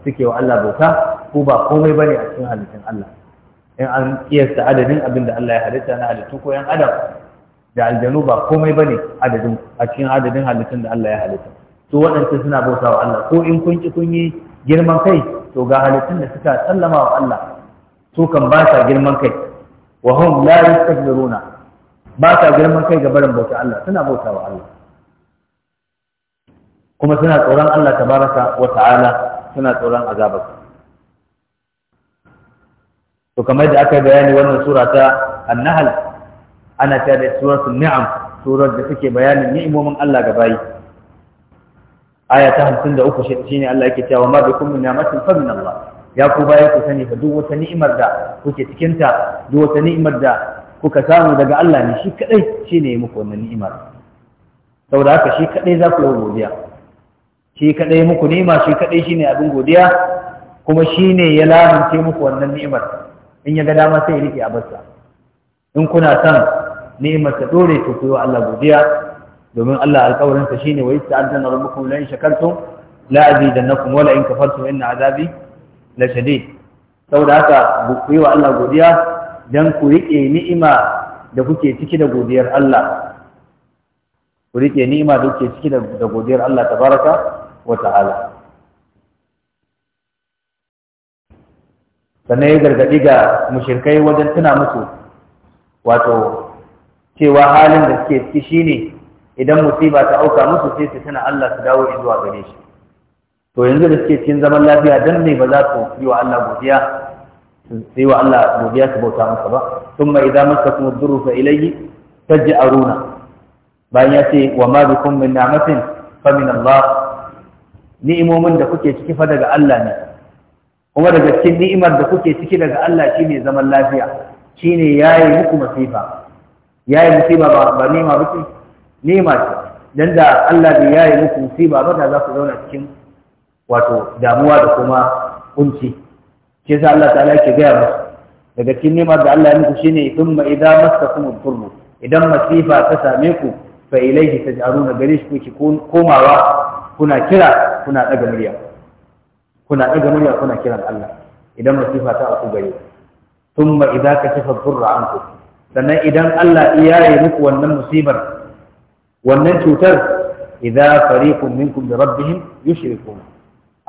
suke wa Allah bauta ko ba komai bane a cikin halittun Allah in an kiyasta adadin abin da Allah ya halitta na halittu ko yan adam da aljanu ba komai bane adadin a cikin adadin halittun da Allah ya halitta to waɗansu suna bauta wa Allah ko in kun ki kun yi girman kai to ga halittun da suka sallama wa Allah su kan ba sa girman kai wa hum la yastakbiruna ba sa girman kai ga barin bauta Allah suna bauta wa Allah kuma suna tsoron Allah tabaraka wa ta'ala suna tsoron azabarsa to kamar da aka bayani wannan sura ta annahal ana ta da suratul ni'am surar da take bayanin ni'imomin Allah ga bayi aya ta 53 shine Allah yake cewa ma bikum min ni'matin fa min Allah ya ku bayi ku sani fa duk wata ni'imar da kuke cikin ta duk wata ni'imar da kuka samu daga Allah ne shi kadai shine ya muku wannan ni'imar saboda haka shi kadai za ku yi godiya shi kadai muku ni'ima shi kadai shine abin godiya kuma shine ya lamance muku wannan ni'imar in ya ga dama sai ya rike a barsa in kuna son ni'imar ta dore to ku wa Allah godiya domin Allah alƙawarin sa shine wa yasta'adana rabbukum la in shakartum la azidannakum wa la in kafartum inna azabi la shadid saboda haka ku yi wa Allah godiya dan ku rike ni'ima da kuke ciki da godiyar Allah ku rike ni'ima da kuke ciki da godiyar Allah tabaraka wa ta'ala sannan ya gargaɗi ga mushirkai wajen tuna musu wato cewa halin da suke ciki shine idan musiba ta auka musu sai su tana Allah su dawo zuwa gare shi to yanzu da suke cikin zaman lafiya dan ne ba za su yi wa Allah godiya su yi wa Allah godiya su bauta masa ba thumma idza masakum ad-durru fa ilayhi taj'aruna bayan ya ce wa ma bikum min ni'matin fa min Allah ni'imomin da kuke ciki fa daga Allah ne kuma daga cikin ni'imar da kuke ciki daga Allah shine zaman lafiya shine yayi muku masifa yayi musiba ba ba nima ba ce nima ce dan da Allah bai yayi muku musiba ba da za ku zauna cikin wato damuwa da kuma kunci Ke sa Allah ta'ala yake gaya musu daga cikin nima da Allah ya muku shine thumma idza massakum dhurru idan masifa ta same ku fa ilayhi taj'aluna gare shi kuke komawa kuna kira kuna daga murya kuna daga murya kuna kiran Allah idan masifa ta aku gare ku thumma idza kashafa dhurra ankum sannan idan Allah ya yi muku wannan musibar wannan cutar idza fariqun minkum bi rabbihim yushrikun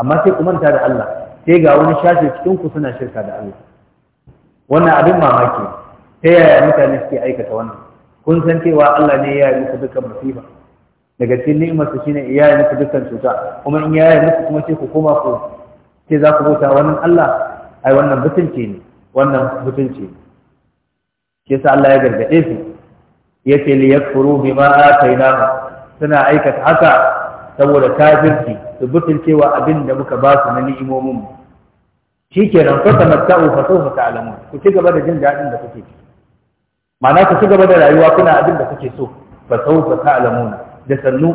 amma sai ku manta da Allah sai ga wani shafi cikin ku suna shirka da Allah wannan abin mamaki ta yaya mutane suke aikata wannan kun san cewa Allah ne ya yi muku dukkan musiba daga cikin ni'imarsa shine ya yi muku dukkan cuta kuma in ya yi muku kuma sai ku koma ku sai za ku bauta wannan Allah ai wannan butunci ne wannan butunci ne shi sa Allah ya gargaɗe su Ya ce li yakfuru bima atainahu suna aikata haka saboda kafirci su butulcewa abin da muka ba su na ni'imomin mu shikenan fa tamatta'u fa sawfa ta'lamun ku ci gaba da jin dadin da kuke ciki ma'ana ku ci gaba da rayuwa kuna abin da kuke so fa sawfa ta'lamun da sannu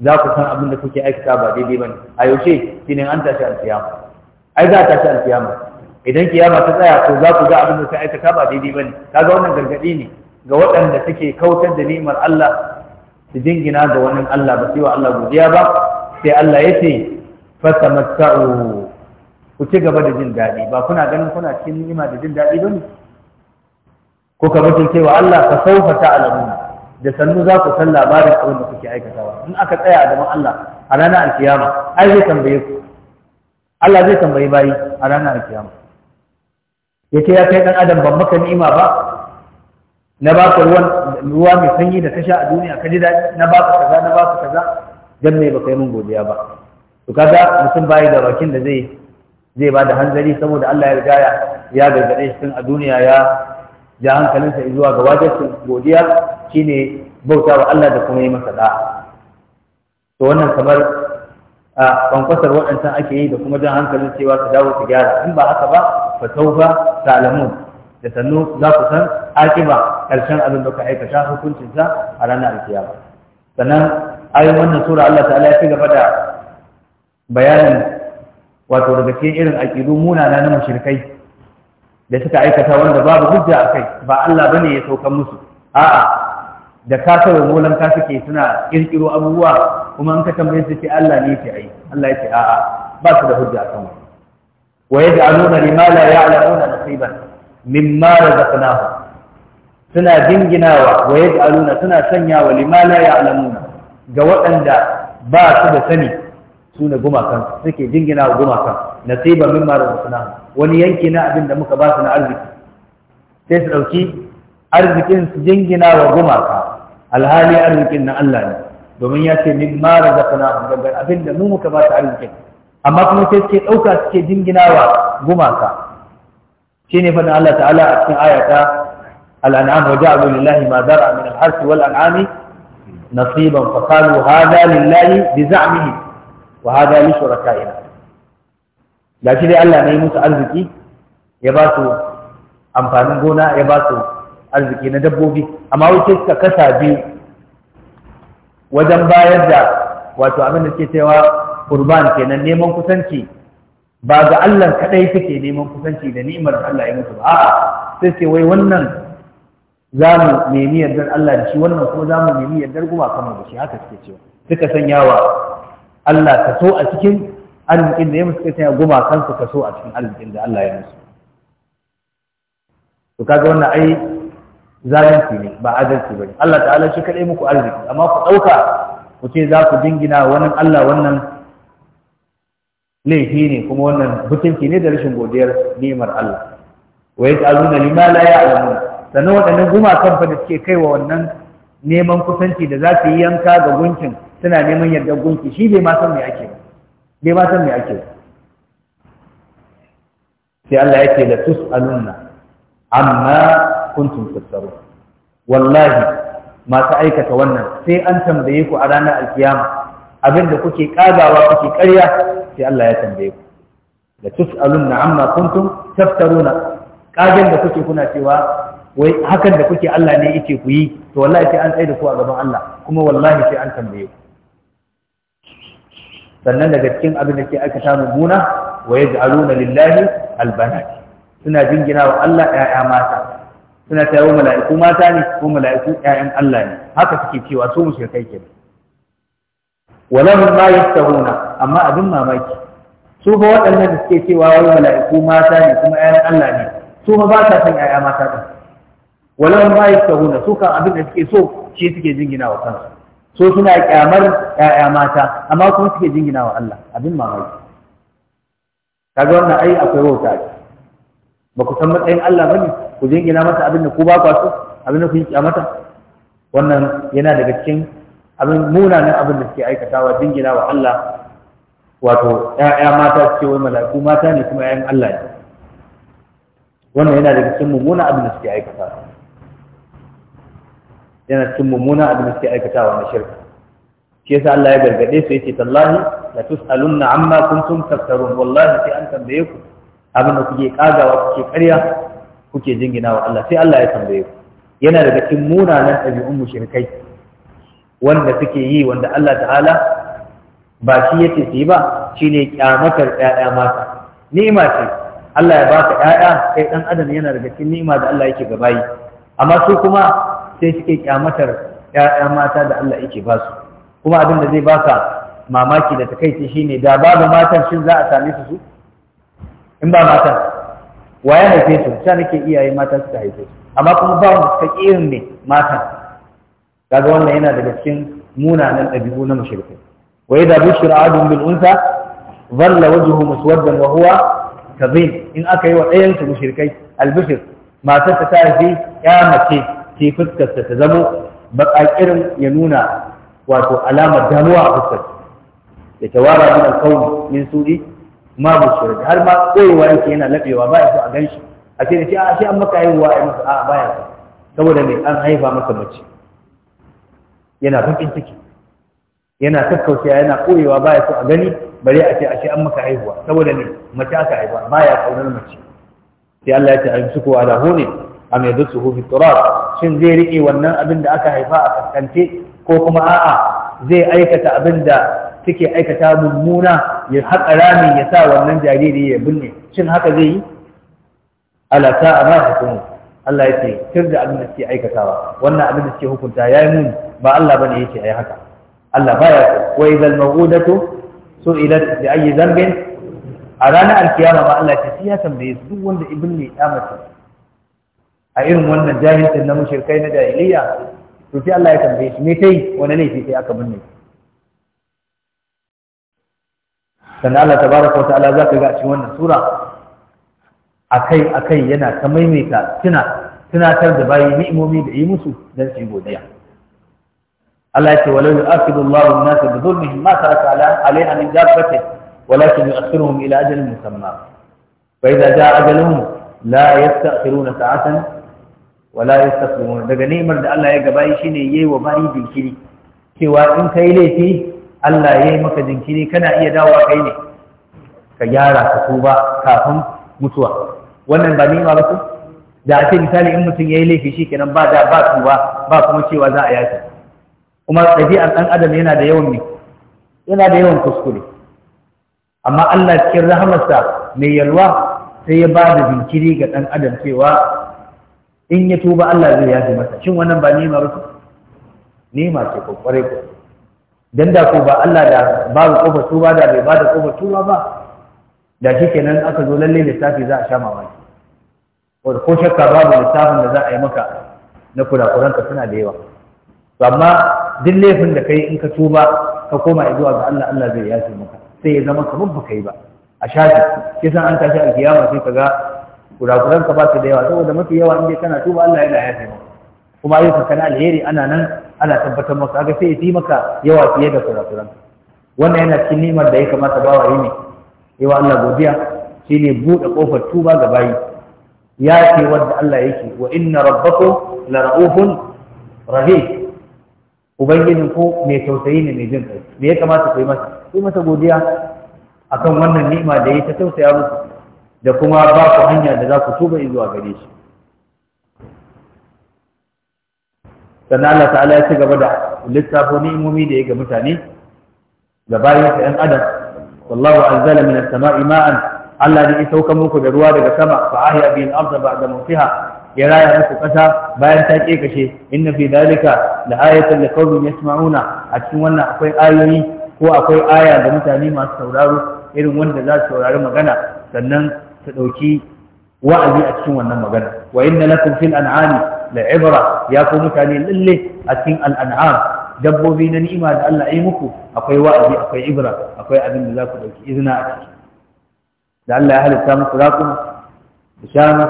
za ku san abin da kuke aikata ba daidai bane a yaushe shine an tashi alkiyama ai za a tashi alkiyama idan kiyama ta tsaya to za ku ga abin da ta aikata ba daidai ba bane kaga wannan gargadi ne ga waɗanda suke kautar da nimar Allah su dingina ga wannan Allah ba sai wa Allah godiya ba sai Allah ya ce fatamatta'u ku ci gaba da jin daɗi ba kuna ganin kuna cikin ni'ima da jin daɗi ba ne? ko ka mutum cewa Allah fa saufa ta'lamun da sannu za ku san labarin abin da kuke aikatawa in aka tsaya a gaban Allah a ranar alkiyama ai zai tambaye ku Allah zai tambayi bayi a ranar alkiyama ya ce ya kai ɗan adam ban maka ni'ima ba na ba ka ruwa mai sanyi da tasha sha a duniya ka ji daɗi na ba ka kaza na ba ka kaza dan me baka yi min godiya ba to kaga mutum bai da bakin da zai zai ba da hanzari saboda Allah ya riga ya gargaɗe shi tun a duniya ya ja hankalinsa zuwa ga wajibin godiya shine bautawa Allah da kuma yi masa da'a to wannan kamar a kwankwasar waɗancan ake yi da kuma jan hankalin cewa su dawo su gyara in ba haka ba fa tauba salamun da sannu za ku san akiba karshen abin da ka aikata hukuncinsa a ranar alkiyama sannan ayin wannan sura Allah ta'ala ya ci gaba da bayanin wato daga cikin irin aƙidu munana na mushrikai da suka aikata wanda babu hujja a kai ba Allah bane ya saukan musu a'a da ka kawai golan ka suke suna kirkiro abubuwa kuma an ka tambaye su ce Allah ne ke ai Allah yake a'a ba su da hujja kan wani wa yaj'aluna lima la ya'lamuna nasiban mimma razaqnahu suna dinginawa wa yaj'aluna suna sanyawa lima la ya'lamuna ga waɗanda ba su da sani su ne gumakan suke dinginawa gumakan nasiban mimma razaqnahum wani yanki na abin da muka ba su na arziki sai su ɗauki arzikin su jingina wa gumaka alhali arzikin na Allah ne domin ya ce min ma razaqna daga abin da mu muka ba arzikin amma kuma sai suke ɗauka suke jinginawa gumaka ne faɗin Allah ta'ala a cikin ayata al-an'am wa ja'alu lillahi ma zar'a min al-harth wal an'ami nasiban fa qalu hadha lillahi bi za'mihi wa hadha li shurakaina dai Allah ne musu arziki ya ba su amfanin gona ya ba su arziki na dabbobi amma wuce suka kasa biyu wajen bayar da wato abin da ke cewa kurban kenan neman kusanci ba ga Allah kadai take neman kusanci da ni'imar Allah ya mutu ba a'a sai ce wai wannan za mu nemi yardar Allah da shi wannan kuma za mu nemi yardar gumakanmu da shi haka suke cewa suka sanya wa Allah kaso a cikin arzikin da ya musu sanya gumakansu kaso a cikin arzikin da Allah ya musu to kaga wannan ai zalunci ne ba adalci ba Allah ta'ala shi kaɗai muku arziki amma ku ɗauka ku ce za ku dingina wannan Allah wannan laifi ne kuma wannan butunci ne da rashin godiyar ni'imar Allah wa yas'aluna lima la ya'lamun sannan waɗannan gumakan fa da suke kaiwa wannan neman kusanci da za su yi yanka ga gunkin suna neman yardar gunki shi bai ma san me ake ba bai ma san me ake sai Allah yake da tus'aluna amma kuntum tattaru wallahi masu aikata wannan sai an tambaye ku a ranar alkiyama abinda kuke kagawa kuke ƙarya sai Allah ya tambaye ku la tus'alunna amma kuntum taftaruna kagen da kuke kuna cewa wai hakan da kuke Allah ne yake ku yi to wallahi sai an tsaye da ku a gaban Allah kuma wallahi sai an tambaye ku sannan daga cikin abin da ke aka samu muna wa yaj'aluna lillahi albanat suna jingina wa Allah ƴaƴa mata suna ta yawo mala'iku mata ne ko mala'iku ƴaƴan Allah ne haka suke cewa su mushrikai kenan walahum ma yastahuna amma abin mamaki su fa waɗannan da suke cewa wai mala'iku mata ne kuma ƴaƴan Allah ne su ma ba sa san ƴaƴa mata ɗin walahum ma yastahuna su kan abin da suke so shi suke jingina wa kansu so suna kyamar ƴaƴa mata amma kuma suke jingina wa Allah abin mamaki kaga wannan ai akwai wauta ba ku san matsayin Allah bane ku jingina masa abin da ku ba ku so abin da ku yi mata. wannan yana daga cikin abin munanan abin da suke aikatawa jingina wa Allah wato ƴaƴa mata suke wai mala'iku mata ne kuma ƴaƴan Allah ne wannan yana daga cikin mummunan abin da suke aikatawa yana cikin mummunan abin da suke aikatawa na shirka shi yasa Allah ya gargade su yace tallahi la tusalunna amma kuntum taftarun wallahi sai an tambaye ku abin da kuke kagawa kuke karya kuke jingina wa Allah sai Allah ya tambaye ku yana daga cikin munanan ɗabi'un mushrikai wanda suke yi wanda Allah ta'ala ba shi yake su yi ba shine kyamatar ƴaƴa mata ni'ima ce Allah ya baka ƴaƴa kai dan adam yana daga cikin ni'ima da Allah yake gabayi amma su kuma sai suke kyamatar ƴaƴa mata da Allah yake ba su kuma abin da zai baka mamaki da takaici shine da babu matan shin za a same su su in ba mata waye haife su ta nake iyaye mata suka haife su amma kuma ba wanda suka irin ne mata kaga wannan yana daga cikin munanan ɗabi'u na mushrikai wa idza bushira adun bil unsa dhalla wajhuhu muswaddan wa huwa kadhib in aka yi wa ɗayan su mushrikai al bushir matar ta haife ya mace ce fuskar ta ta zamo baƙaƙirin ya nuna wato alamar damuwa a fuskar ya tawara min al min su'i ma bu shirka har ma koyewa yake yana labewa ba ya so a gan shi a ce da ce a shi an maka haihuwa a masa a baya so saboda mai an haifa masa mace yana bakin ciki yana takkaucewa yana koyewa ba ya so a gani bare a ce a shi an maka haihuwa saboda ne mace aka haifa ba ya kaunar mace sai Allah ya ce a an kowa ala hune am yadsuhu fi turab shin zai riƙe wannan abin da aka haifa a kaskance ko kuma a'a zai aikata abin da suke aikata mummuna ya haƙa rami ya sa wannan jariri ya binne shin haka zai yi ala a ma hukumu Allah ya ce tir da abin da suke aikatawa wannan abin da suke hukunta ya yi mun ba Allah bane yake ayi haka Allah baya wa idhal mawudatu su'ilat bi ayyi dhanbin a ranar alkiyama ma Allah ce ya tambaye su duk wanda ibn ne ya mace a irin wannan jahilcin na mushrikai na jahiliya to sai Allah ya tambaye shi me kai wani laifi sai aka binne sannan Allah ta tabaraka ala za ka ga a cikin wannan sura akai akai yana ta maimaita tuna tunatar da bayi ni'imomi da yi musu don su godiya Allah ya ce walau yu'akhidu Allahu an-nasa bi dhulmihim ma taraka 'alayha min dabbatin walakin yu'akhiruhum ila ajalin musamma fa idza ja'a ajaluhum la yasta'khiruna sa'atan wala yastaqdimun daga ni'imar da Allah ya gabayi shine yayi wa bayi jinkiri cewa in kai laifi Allah ya yi maka jinkiri kana iya dawowa kai ne ka gyara ka tuba kafin mutuwa wannan ba ma ba ku da ake misali in mutum ya yi laifi shi kenan ba da ba tuba ba kuma cewa za a yaki kuma ɗabi'ar ɗan adam yana da yawan ne yana da yawan kuskure amma Allah cikin rahamarsa mai yalwa sai ya ba da jinkiri ga ɗan adam cewa in ya tuba Allah zai yafi masa shin wannan ba ma ba ku ma ce ko kwarai ko dan da ko ba Allah da babu kofar tuba da bai bada kofar tuba ba da kenan aka zo lalle lissafi za a sha mamaki ko shakka babu littafin da za a yi maka na ka suna da yawa amma duk laifin da kai in ka tuba ka koma zuwa ga Allah Allah zai yafe maka sai ya zama kamar ba kai ba a shafi san an tashi alkiyama sai ka ga ka ba su da yawa saboda mafi yawa in dai kana tuba Allah yana yafe maka kuma yau kana alheri ana nan ana tabbatar maka aga sai ya maka yawa fiye da sauran wannan yana cikin nimar da ya kamata bawa yi ne wa Allah godiya shi ne buɗe ƙofar tuba ga bayi ya ce wanda Allah yake wa inna rabbakum la ra'ufun rahim ubangijin ko mai tausayi ne mai jin kai me ya kamata ku yi masa ku masa godiya akan wannan ni'ima da ya ta tausaya musu, da kuma ba ku hanya da za ku tuba zuwa gare shi sannan Allah ta'ala ya ci gaba da littafo ni'imomi da ya ga mutane da bayan sa ɗan adam wallahu anzala min as-sama'i Allah ne ya muku da ruwa daga sama fa ahya bil ardi ba'da mawtiha ya raya muku kasa bayan ta kashe inna fi dalika la ayatan li yasma'una a cikin wannan akwai ayoyi ko akwai aya da mutane masu sauraro irin wanda za su saurari magana sannan su ɗauki wa'azi a cikin wannan magana wa inna lakum fil an'ami la'ibra ya ko mutane lalle a cikin al'an'am dabbobi na ni'ima da Allah ya yi muku akwai wa'azi akwai ibra akwai abin da za ku dauki izina a ciki da Allah ya halitta muku rakuma da shanu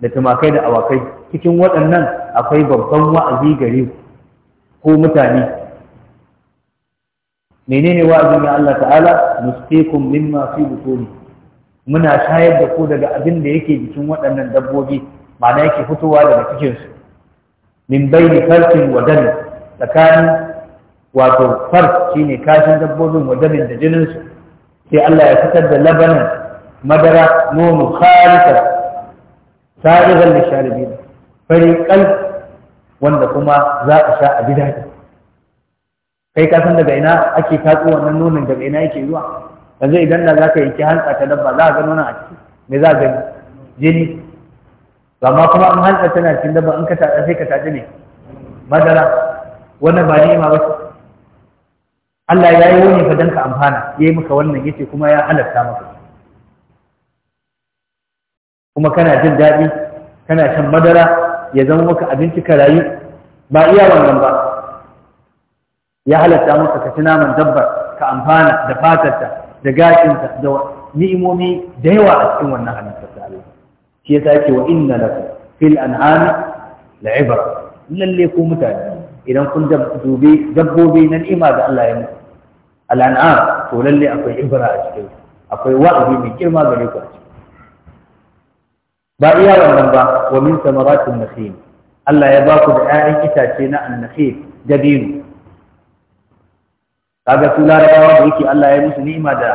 da tumakai da awakai cikin waɗannan akwai babban wa'azi gare ku mutane menene wa'azin ya Allah ta'ala nustekum mimma fi butuni muna shayar da ku daga abin da yake jikin waɗannan dabbobi ma'ana yake fitowa daga cikinsu min baini farkin wa tsakanin wato fark ne kashin dabbobin wa damin da jininsu sai Allah ya fitar da labanin madara nono khalifar sa'irar da sharibin fari kal wanda kuma za a sha a gida daɗi kai ka san daga ina ake tatso wannan nonon daga ina yake zuwa yanzu idan da za ka yanki hantsa ta dabba za a ga nonon a ciki me za a gani jini amma kuma an halka tana cikin dabba in ka tada sai ka tada ne madara wannan ba ni'ima ba ce Allah ya yi wani fa dan ka amfana ya yi maka wannan yace kuma ya halatta maka kuma kana jin daɗi kana shan madara ya zama maka abinci ka rayu ba iya wannan ba ya halatta maka ka ci naman dabbar ka amfana da fatarta da gashinta da ni'imomi da yawa a cikin wannan halittarsa shi yasa yake wa inna lakum fil an'ami la'ibra lalle ku mutane idan kun dubi dabbobi na ni'ima da Allah ya muku al'an'am to lalle akwai ibra a cikin akwai wa'azi mai girma gare ku ba iya wannan ba wa min samaratin nakhil Allah ya ba ku da 'ya'yan itace na annakhil dabino kaga su larabawa da yake Allah ya musu ni'ima da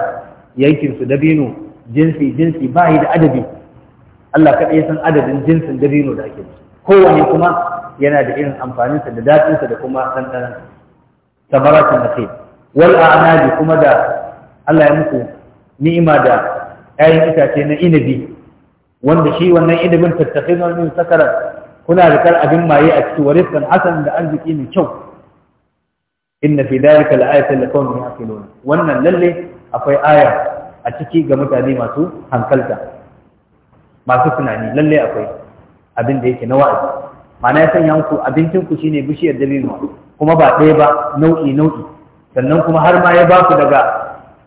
yankin su dabino jinsi jinsi ba da adabi Allah kaɗai ya san adadin jinsin dabino da ake kowane kuma yana da irin amfaninsa da daɗinsa da kuma ɗanɗanan samaratun da kai wal a'nabi kuma da Allah ya muku ni'ima da ƴaƴan itace na inabi wanda shi wannan inabin tattakhizun min sakarat kuna da kar abin maye a cikin warifan hasan da arziki mai kyau inna fi dalika la'ayatan liqaumin yaqilun wannan lalle akwai aya a ciki ga mutane masu hankalta masu tunani lallai akwai abin da yake na wa'azi Mana ya sanya muku abincin ku shine bishiyar dabino kuma ba ɗaya ba nau'i nau'i sannan kuma har ma ya ba ku daga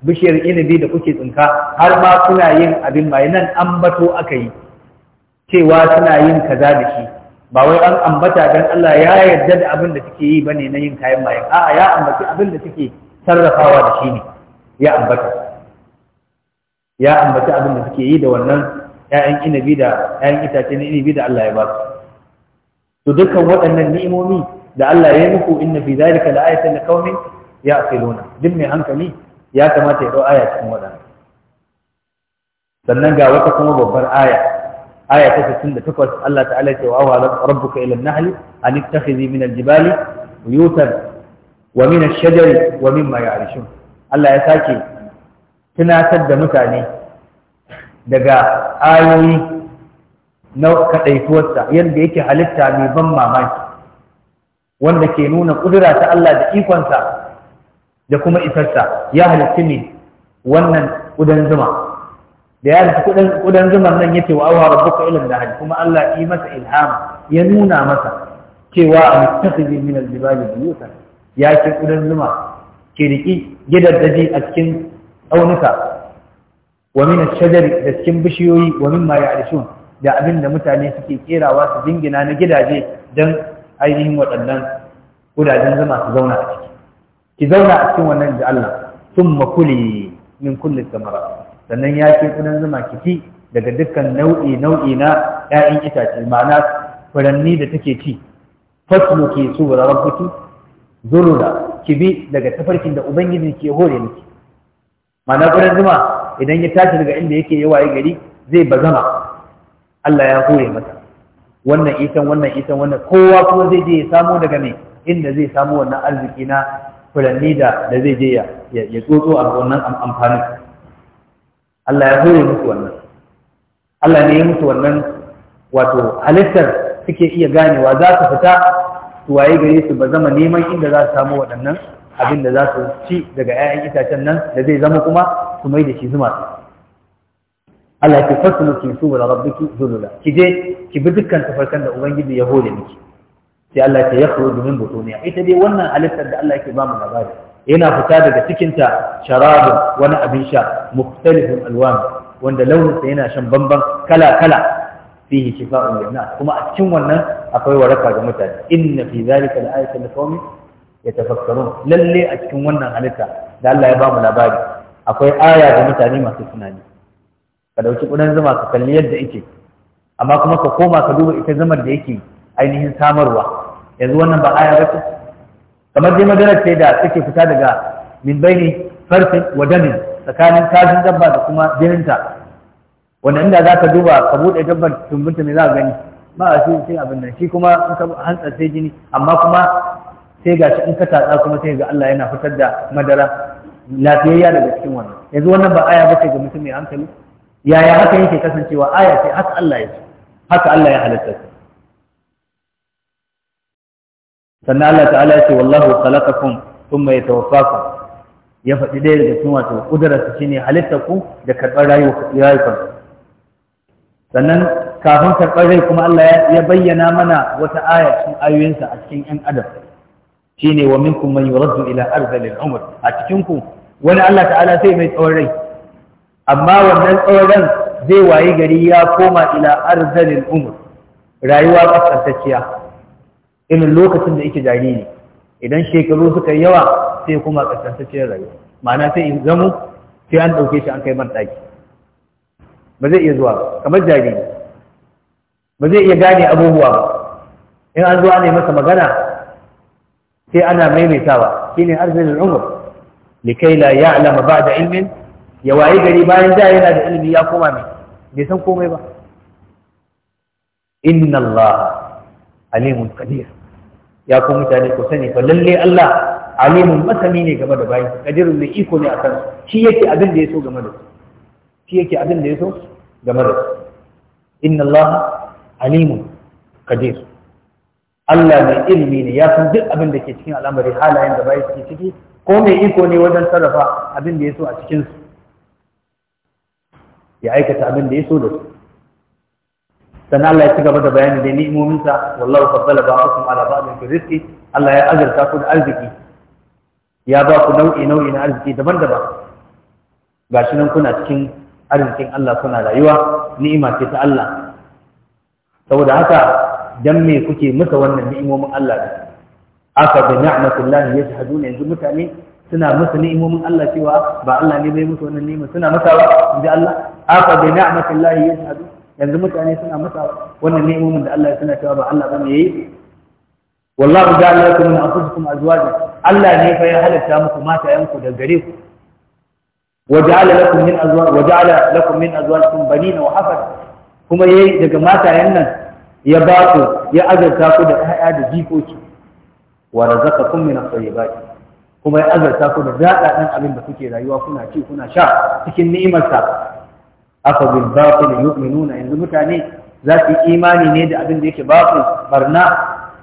bishiyar inabi da kuke tsinka har ma kuna yin abin mai nan ambato aka yi cewa suna yin kaza da shi ba wai an ambata dan Allah ya yarda da abin da suke yi bane na yin kayan mayan a'a ya ambaci abin da suke sarrafawa da shi ne ya ambata ya ambaci abin da suke yi da wannan Ya'yan inabi da ƴaƴan itace na inabi da Allah ya ba su to dukkan waɗannan ni'imomi da Allah ya yi muku inna fi zalika la'ayatan liqaumin ya'qiluna duk mai hankali ya kamata ya dau aya cikin waɗannan sannan ga wata kuma babbar aya aya ta takwas, Allah ta'ala ce wa awala rabbuka ila an-nahl an ittakhidhi min al-jibali buyutan wa min ash-shajari wa mimma ya'rishun Allah ya sake tunatar da mutane daga ayoyi na kaɗaituwarsa yadda yake halitta mai ban mamaki wanda ke nuna ƙudura ta Allah da ikonsa da kuma isarsa ya halitta ne wannan ƙudan zuma da ya halitta ƙudan zuman nan yake wa awa rabbuka ilm da hali kuma Allah yi masa ilhama ya nuna masa cewa a mutakhidhi min al-jibali ya ce ƙudan zuma ke riki gidaddaji a cikin tsaunuka wa min ash-shajar da cikin bishiyoyi wa mimma ya'rishun da abin da mutane suke kerawa su jingina na gidaje dan ainihin waɗannan kudajen zama su zauna a ciki ki zauna a cikin wannan da Allah thumma kuli min kulli thamarat sannan ya ce kudan zama kiki daga dukkan nau'i nau'i na 'ya'yan itace ma'ana furanni da take ci fasluki su rabbuki zurura ki bi daga tafarkin da ubangiji ke hore miki ma'ana kudan zama idan ya tashi daga inda yake yawa ya gari zai bazama Allah ya hore masa wannan isan wannan isan wannan kowa kuma zai je ya samo daga mai inda zai samu wannan arziki na furanni da da zai je ya ya tsotso a wannan amfanin Allah ya hore musu wannan Allah ne ya musu wannan wato halittar suke iya ganewa za su fita su waye gare su ba zama neman inda za su samu waɗannan abin da za su ci daga 'ya'yan itacen nan da zai zama kuma su mai da shi zuma Allah ke fasulu ki su da rabbiki zulula ki je ki bi dukkan tafarkan da ubangiji ya hore miki sai Allah ke yakhruju min butuniha ita dai wannan halittar da Allah yake ba mu labari yana fita daga cikin ta sharabun wani abin sha mukhtalifun alwan wanda launinsa yana shan bamban kala kala fihi shifa'un linnas kuma a cikin wannan akwai waraka ga mutane inna fi zalika la'ayatan liqaumin yatafakkarun lalle a cikin wannan halitta da Allah ya ba mu labari akwai aya ga mutane masu tunani ka dauki ƙudan zuma ka kalli yadda yake amma kuma ka koma ka duba ita zamar da yake ainihin samarwa yanzu wannan ba aya bace kamar dai maganar ce da take fita daga min baini farfin wa damin tsakanin kajin dabba da kuma jininta wanda inda za ka duba ka buɗe dabbar tumbinta me za ka gani ba a shi sai abin nan shi kuma in ka hantsa sai jini amma kuma sai gashi in ka tatsa kuma sai ga Allah yana fitar da madara lafiyayya daga cikin wannan yanzu wannan ba aya bace ga mutum mai hankali yaya haka yake kasancewa aya ce haka Allah ya ce haka Allah ya halatta ta sannan Allah ta'ala ya ce wallahu khalaqakum thumma yatawaffakum ya faɗi ɗaya daga cikin wato kudararsa shine halitta ku da karɓar rayuwar sannan kafin karɓar rai kuma Allah ya bayyana mana wata aya cikin ayoyinsa a cikin 'yan adam shine wa minkum man yuraddu ila ardhil umr a cikin ku wani Allah ta'ala sai mai tsawon rai amma wannan tsawon ran zai wayi gari ya koma ila arzalin umur rayuwa kasantacciya irin lokacin da yake jariri idan shekaru suka yawa sai kuma kasantacciyar rayuwa ma'ana sai in zamu sai an ɗauke shi an kai man ɗaki ba zai iya zuwa ba kamar jariri ba zai iya gane abubuwa ba in an zo ana yi masa magana sai ana maimaitawa shine arzalin umur likai la ya'lama ba'da ilmin ya wayi gari bayan da yana da ilimi ya koma mai bai san komai ba inna Allah alimun qadir ya ku mutane ku sani fa lalle Allah alimun masani ne game da bayin qadirun ne iko ne akan shi yake abin da yaso game da su shi yake abin da yaso game da su inna Allah alimun qadir Allah mai ilimi ya san duk abin da ke cikin al'amari halayen da bayin suke ciki ko mai iko ne wajen sarrafa abin da ya so a cikinsu ya aikata abin da ya so da su sannan Allah ya ci gaba da bayani da ni'imominsa wallahu ba ba'akum ala ba fi rizqi Allah ya azurta ku da arziki ya ba ku nau'i nau'i na arziki daban-daban gashi nan kuna cikin arzikin Allah kuna rayuwa ni'ima ce ta Allah saboda haka dan me kuke musa wannan ni'imomin Allah ne aka bi ni'matullahi yajhaduna yanzu mutane suna masa ni'imomin Allah cewa ba Allah ne bai musu wannan ni'ima suna masa ba inji Allah aka bi ni'matullahi yajhadu yanzu mutane suna masa wannan ni'imomin da Allah ya suna cewa ba Allah bane yayi wallahu ja'ala lakum min anfusikum azwajan Allah ne fa ya halatta muku matayanku da gare ku waja'ala lakum min azwaj waja'ala lakum min azwajikum banina wa hafada kuma yayi daga matayen nan ya ba ku ya azurta ku da ƴaƴa da jikoki wa razaqakum min at-tayyibat kuma ya azarta ku da daɗaɗan abin da kuke rayuwa kuna ci kuna sha cikin ni'imarsa afa bil batil yu'minuna yanzu mutane za su yi imani ne da abin da yake batil barna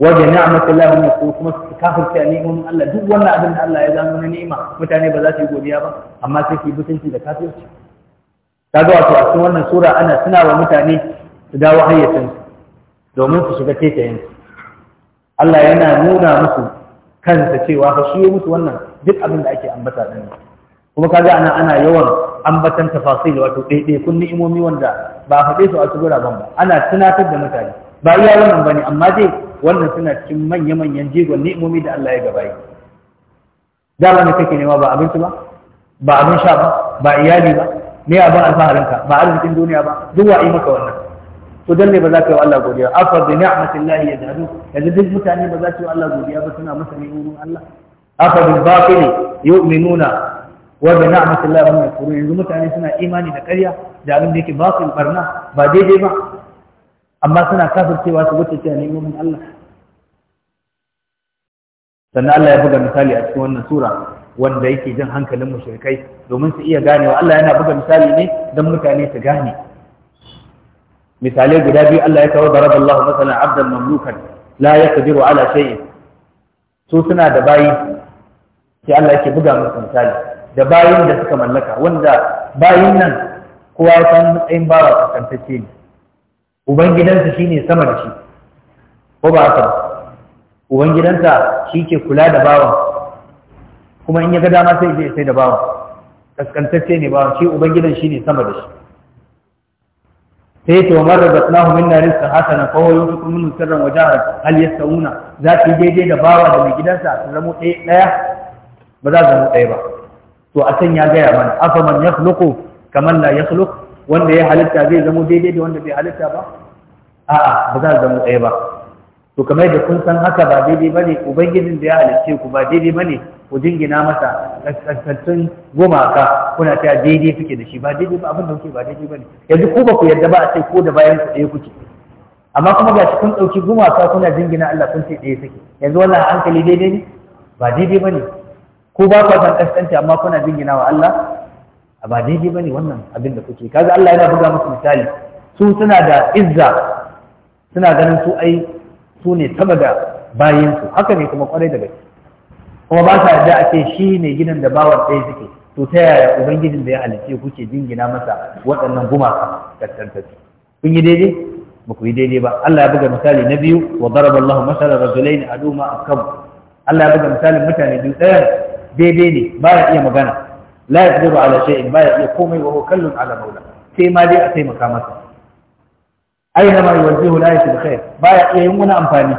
wajen ni'matullahi ne ko kuma su kafirce a ni'imomin Allah duk wannan abin da Allah ya zama na ni'ima mutane ba za su yi godiya ba amma sai su yi butunci da kafirci kaga wato a cikin wannan sura ana tunawa mutane su dawo hayyacinsu domin su shiga taitayensu Allah yana nuna musu kansa cewa ka shi musu wannan duk abin da ake ambata din kuma kaga ana ana yawan ambatan tafasil wato daidai kun ni'imomi wanda ba faɗe su a tsugura ban ba ana tunatar da mutane ba iya wannan ne, amma dai wannan suna cikin manya-manyan jigon ni'imomi da Allah ya gabayi dama ne kake nema ba abinci ba ba abin sha ba ba iyali ba ne abin alfaharinka ba arzikin duniya ba duk wa'i maka wannan Kudan dan ne ba za ka yi Allah godiya afa bi ni'matillahi yajhadu yanzu duk mutane ba za su yi Allah godiya ba suna masa wurin Allah afa bil batili yu'minuna wa bi ni'matillahi hum yakfurun yanzu mutane suna imani da ƙarya da abin da yake batil barna ba daidai ba amma suna kafircewa su wuce cewa ne, wurin Allah sannan Allah ya buga misali a cikin wannan sura wanda yake jin hankalin mushrikai domin su iya ganewa Allah yana buga misali ne don mutane su gane misalai guda biyu Allah ya kawo daraba Allah masalan abdan mamlukan la yaqdiru ala shay'in su suna da bayi sai Allah yake buga musu misali da bayin da suka mallaka wanda bayin nan kowa ya san matsayin bawa kasantacce ne ubangidansa ne sama da shi ko ba haka ubangidansa shi ke kula da bawan kuma in ya ga dama sai ya sai da bawan kaskantacce ne bawan shi ubangidan shi ne sama da shi sai to wa marzaqnahu na rizqan hasana fa huwa yunfiqu minhu sirran wa hal sauna za ki daidai da bawa da mai gidansa a zamo ɗaya ɗaya ba za zamo ɗaya ba to a can ya gaya mana afa man yakhluqu kaman na yakhluq wanda ya halitta zai zamo daidai da wanda bai halitta ba a'a ba za zamo ɗaya ba to kamar da kun san haka ba daidai ba ne ubangijin da ya halicce ku ba daidai ba ne ku jingina masa kaskantattun gumaka kuna ta daidai suke da shi ba daidai ba abin da kuke ba daidai ba ne yanzu ku ba ku yarda ba a ce ko da bayan ku ɗaya kuke amma kuma ga kun ɗauki gumaka kuna jingina Allah kun ce ɗaya suke yanzu wannan hankali daidai ne ba daidai ba ne ko ba ku san kaskanta amma kuna jingina wa Allah ba daidai ba ne wannan abin da kuke kaga Allah yana buga musu misali su suna da izza suna ganin su ai su ne sama da bayansu haka ne kuma kwarai da gaske kuma ba sa yarda a ce shi ne gidan da bawan ɗaya suke to ta yaya ubangijin da ya halice kuke jingina masa waɗannan gumaka tattantattu kun yi daidai ba ku yi daidai ba Allah ya buga misali na biyu wa daraba Allahu masalan rajulain aduma akam Allah ya buga misalin mutane biyu ɗayan daidai ne baya iya magana la yaqdiru ala shay'in baya iya komai wa huwa kallun ala maula sai ma dai a taimaka masa aina ma yuwajjihu la yashid khair baya iya yin wani amfani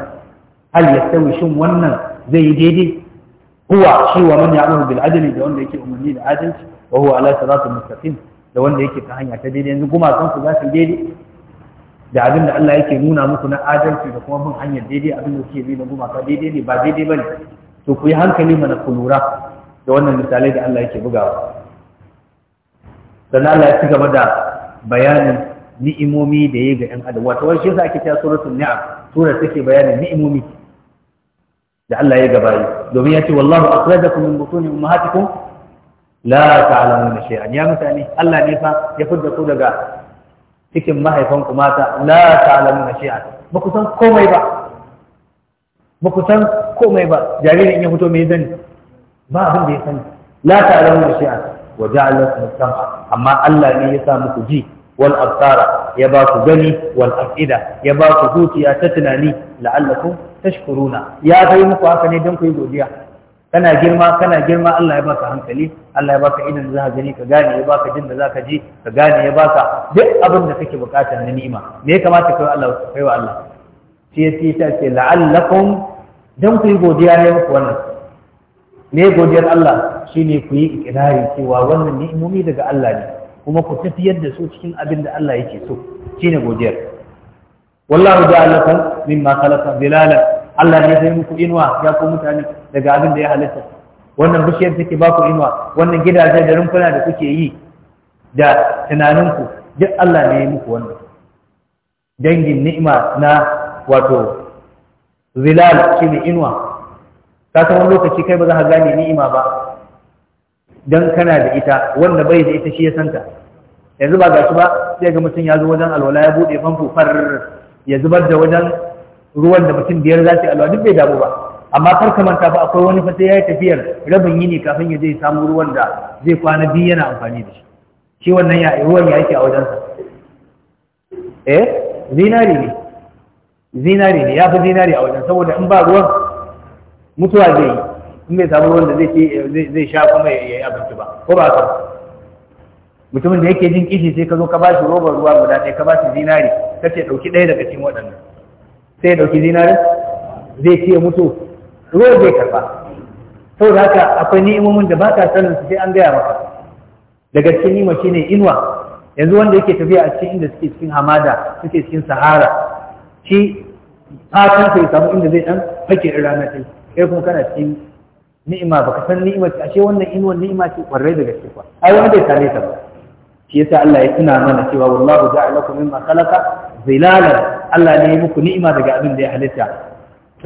hal yastawi shin wannan zai daidai huwa shi wa man ya'muru bil adli da wanda yake umarni da adalci wa huwa ala siratin mustaqim da wanda yake ta hanya ta daidai yanzu gumakan ku za su daidai da abin da Allah yake nuna muku na adalci da kuma bin hanyar daidai abin da kuke bi na gumaka daidai ne ba daidai bane to ku yi hankali mana ku lura da wannan misalai da Allah yake bugawa sannan Allah ya ci gaba da bayanin ni'imomi da ya ga ‘yan adam wata wani shi yasa ake cewa suratul ni'am sura take bayanin ni'imomi da Allah ya gabayi domin ya ce wallahu akhrajakum min butuni ummahatikum la ta'lamuna shay'an ya mutane Allah ne fa ya fidda ku daga cikin mahaifanku mata la ta'lamuna shay'an ba ku san komai ba ba ku san komai ba jaririn ya fito mai zani ba abin da ya sani la ta'lamuna shay'an wa ja'ala lakum sam'a amma Allah ne ya sa muku ji wal absara ya ba ku gani wal afida ya ba ku zuciya ta tunani la'allakum tashkuruna ya kai muku haka ne don ku godiya kana girma kana girma Allah ya baka hankali Allah ya baka idan za ka gani ka gane ya baka jin da za ka ji ka gane ya baka duk abin da kake bukata na ni'ima me ya kamata kai Allah kai wa Allah shi ya ce ta ce la'allakum dan ku yi godiya ne muku wannan me godiyar Allah shine ku yi ikirari cewa wannan ni'imomi daga Allah ne kuma ku tafiyar da su cikin abin da Allah yake so shine godiyar wallahu ja'alakum mimma khalaqa zilalan Allah ne sai muku inuwa ya ku mutane daga abin da ya halitta wannan bishiyar take ba ku inuwa wannan gidaje da rumfuna da kuke yi da tunaninku duk Allah ne ya muku wannan dangin ni'ima na wato zilal shi ne inuwa ka san wani lokaci kai ba za ka gane ni'ima ba dan kana da ita wanda bai da ita shi ya santa yanzu ba gashi ba sai ga mutum ya zo wajen alwala ya bude famfo far ya zubar da wajen ruwan da mutum biyar za su alwala duk bai damu ba amma kar manta ba akwai wani fata yayi tafiyar rabin yini kafin ya je samu ruwan da zai kwana biyu yana amfani da shi shi wannan ya ruwan ya yake a wajensa eh zinari ne zinari ne ya fi zinari a wajen saboda in ba ruwan mutuwa zai yi in bai samu ruwan da zai zai sha kuma ya yi abinci ba ko ba ka mutumin da yake jin kishi sai ka zo ka bashi robar ruwa guda ɗaya ka bashi zinari ka ce ɗauki ɗaya daga cikin waɗannan sai ya ɗauki zinari zai ce mutu ruwa zai karba saboda haka akwai ni'imomin da ba ka sanin su sai an gaya maka daga cikin ni'ima shine inuwa yanzu wanda yake tafiya a cikin inda suke cikin hamada suke cikin sahara shi fatan sai samu inda zai dan fake ranar kai kai kuma kana cikin ni'ima baka san ni'ima ce ashe wannan inuwar ni'ima ce kwarai da gaske kwa ai wani bai ta ba shi yasa Allah ya tuna mana cewa wallahu ja'alakum mimma khalaqa zilalan Allah ne ya muku ni'ima daga abin da ya halitta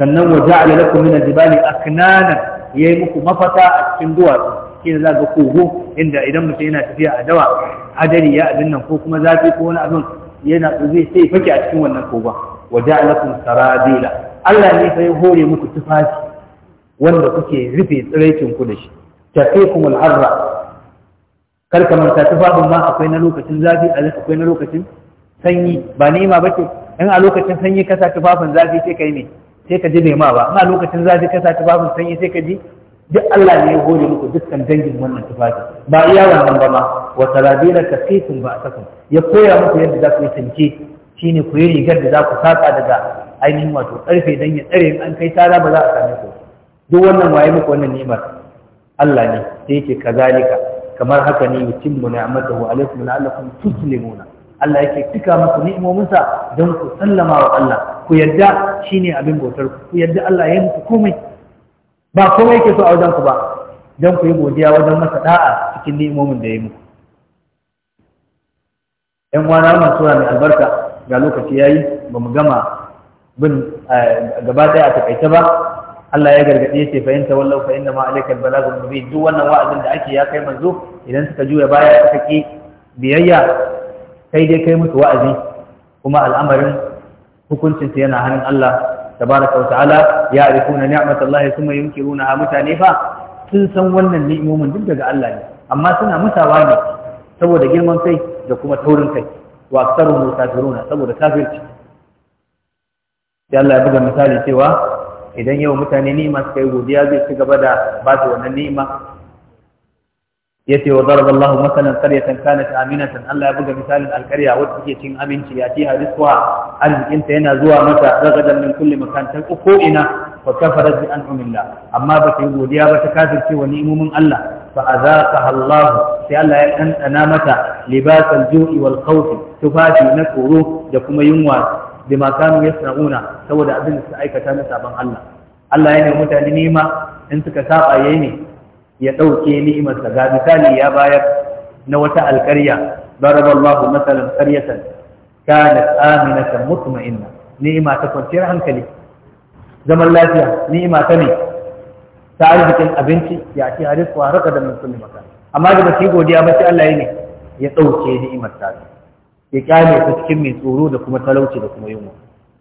sannan wa ja'ala lakum min al-jibali aknanan ya yi muku mafata a cikin duwatsu shi ne za ga kogo inda idan mutum yana tafiya a dawa hadari ya abin nan ko kuma zafi ko wani abin yana zai sai fake a cikin wannan kogon wa ja'alakum sarabila Allah ne fa ya hore muku tufafi wanda kuke rufe tsiraicin ku da shi taqikum kuma al'arra kar ka ta tufafin ma akwai na lokacin zafi akwai na lokacin sanyi ba ba bace in a lokacin sanyi ka sa tufafin zafi sai kai ne sai ka ji nema ba in a lokacin zafi ka sa tufafin sanyi sai ka ji duk Allah ne ya gode muku dukkan dangin wannan tufafi ba iya wannan ba ma wa salabila taqikum ba asakun ya koya muku yadda za ku yi tanke shine ku yi rigar da za ku saka daga ainihin wato karfe dan ya tsare in an kai tara ba za a same ku duk wannan waye muku wannan ni'imar Allah ne sai yake kazalika kamar haka ne mu yutimmu wa alaikum la'allakum tuslimuna Allah yake tuka muku ni'imominsa don ku sallama wa Allah ku yarda shine abin bautar ku ku yarda Allah ya muku komai ba komai yake so a wajen ku ba don ku yi godiya wajen masa da'a cikin ni'imomin da ya yi muku yan wana wannan sura mai albarka ga lokaci yayi ba mu gama bin eh, gaba ɗaya a takaice ba Allah ya gargaɗe ce fa yanta wallahu fa inna ma alaikal balagul mubin duk wannan wa'azin da ake ya kai manzo idan suka juya baya suka ki biyayya kai dai kai musu wa'azi kuma al'amarin hukuncin yana hannun Allah tabaraka wa ta'ala ya arifuna ni'matallahi thumma yunkiruna ha mutane fa sun san wannan ni'imomin duk daga Allah ne amma suna mutawa ne saboda girman kai da kuma taurin kai wa aktsaruhum kafiruna saboda kafirci sai Allah ya buga misali cewa idan yau mutane nima su kai godiya zai ci gaba da ba su wannan ni'ima yace wa daraba Allahu masalan qaryatan amina aminatan Allah ya buga misalin alqarya wacce ke cin aminci ya ci hadisuha arzikin ta yana zuwa mata ragadan min kulli makan ko ina fa kafarat bi an'amillah amma ba ta yi godiya ba ta kafirce wa ni'imomin Allah fa ka Allah sai Allah ya ɗanɗana mata libasan ju'i wal khawf tufafi na tsoro da kuma yunwa bima kanu yasnauna saboda abin da suka aikata na sabon Allah Allah ya ne mutane nima in suka saba yayi ne ya dauke ni'imar sa ga misali ya bayar na wata alƙarya daraballahu masalan qaryatan kanat aminatan mutma'inna ni'ima ta kwanciyar hankali zaman lafiya ni'ima ta ne ta arzikin abinci ya ci a wa raka da musulmi amma da ba su yi godiya ba sai Allah ya ne ya dauke ni'imar ta ya kyale ta cikin mai tsoro da kuma talauci da kuma yunwa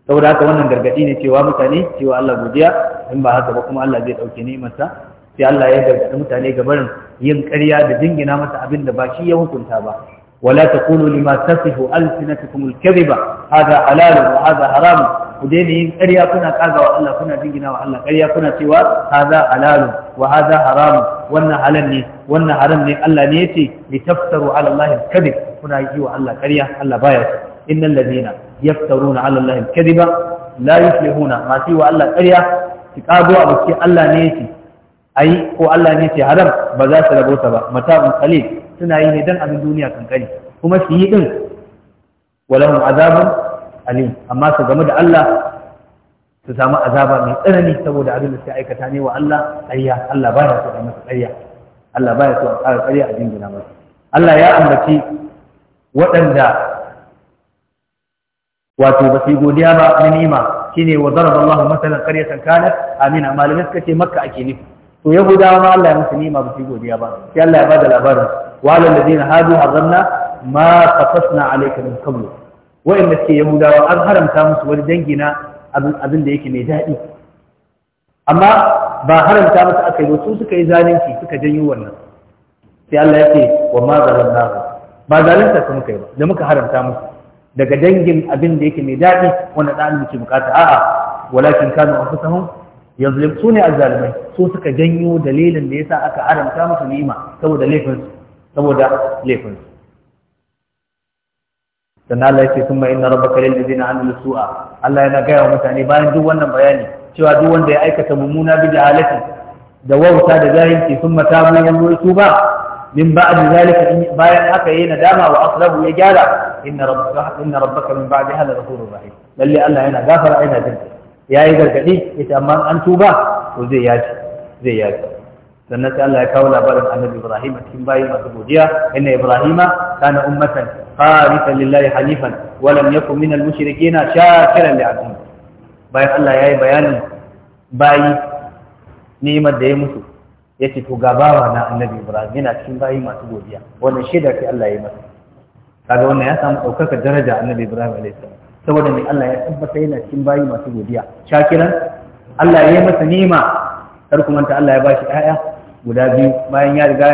saboda haka wannan gargadi ne cewa mutane cewa Allah godiya in ba haka ba kuma Allah zai dauke masa. sai Allah ya gargadi mutane ga barin yin ƙarya da jingina masa abin da ba shi ya hukunta ba wala taqulu lima tasifu alsinatukum alkadhiba hada halal wa hada haram ku daina yin ƙarya kuna kaga wa Allah kuna jingina wa Allah ƙarya kuna cewa hada halal wa hada haram wannan halal ne wannan haram ne Allah ne yace li taftaru ala Allah alkadhib kuna yi wa Allah ƙarya Allah baya su. so innal ladina yaftaruna ala allahi kadiba la huna ma yi wa Allah ƙarya ki kago abu ce Allah ne yake ai ko Allah ne yake haram ba za su rabota ba mata'un qalil suna yi ne dan abin duniya kankani kuma su yi ɗin walahum azabin alim amma su game da Allah su samu azaba mai tsanani saboda abin da suka aikata ne wa Allah ƙarya Allah baya su a masa ƙarya Allah baya su a ƙara ƙarya a jingina masa Allah ya ambaci waɗanda wato ba su yi godiya ba na nima shine wa zaraba Allahu masalan qaryatan kanat amina malamai suka ce makka ake nufi to yahudawa ma Allah ya musu nima ba su yi godiya ba sai Allah ya da labarin wa alal ladina hadu haramna ma qasasna alayka min qabl wa inda suke yahudawa an haramta musu wani dangi na abin da yake mai daɗi amma ba haramta musu aka yi su suka yi zalunci suka janyo wannan sai Allah ya ce wa ma zalamnahu ba zalunta su muka yi ba da muka haramta musu daga dangin abin da yake mai daɗi wanda ɗan muke bukata a'a walakin kanu anfusahum yazlim su ne azzalimai su suka janyo dalilin da yasa aka haramta musu ni'ima saboda laifin saboda laifin dan Allah yake kuma inna rabbaka lil ladina amilu su'a Allah yana gaya wa mutane bayan duk wannan bayani cewa duk wanda ya aikata mummuna bi jahalati da wauta da jahilci sun mata matabu yanzu su ba min ba'd zalika bayan aka yi nadama wa aslahu ya gyara inna rabbaka inna rabbaka min ba'd hada ghafurur rahim lalle Allah yana gafara yana jinka yayi gargadi yace amma an tuba to zai yaji zai yaji sannan sai Allah ya kawo labarin Annabi Ibrahim cikin bayi masu godiya inna Ibrahima kana ummatan qanitan lillahi hanifan wa lam yakun minal mushrikeen shakiran li'abdihi bayan Allah yayi bayanin bayi ni'imar da ya musu ya ce to gabawa na annabi ibrahim yana cikin bayi masu godiya wannan shaida ce Allah ya yi masa kaga wannan ya samu ɗaukaka daraja annabi ibrahim alaihi saboda mai Allah ya tabbata yana cikin bayi masu godiya shakiran Allah ya yi masa nima kar ku manta Allah ya bashi ƴaƴa guda biyu bayan ya riga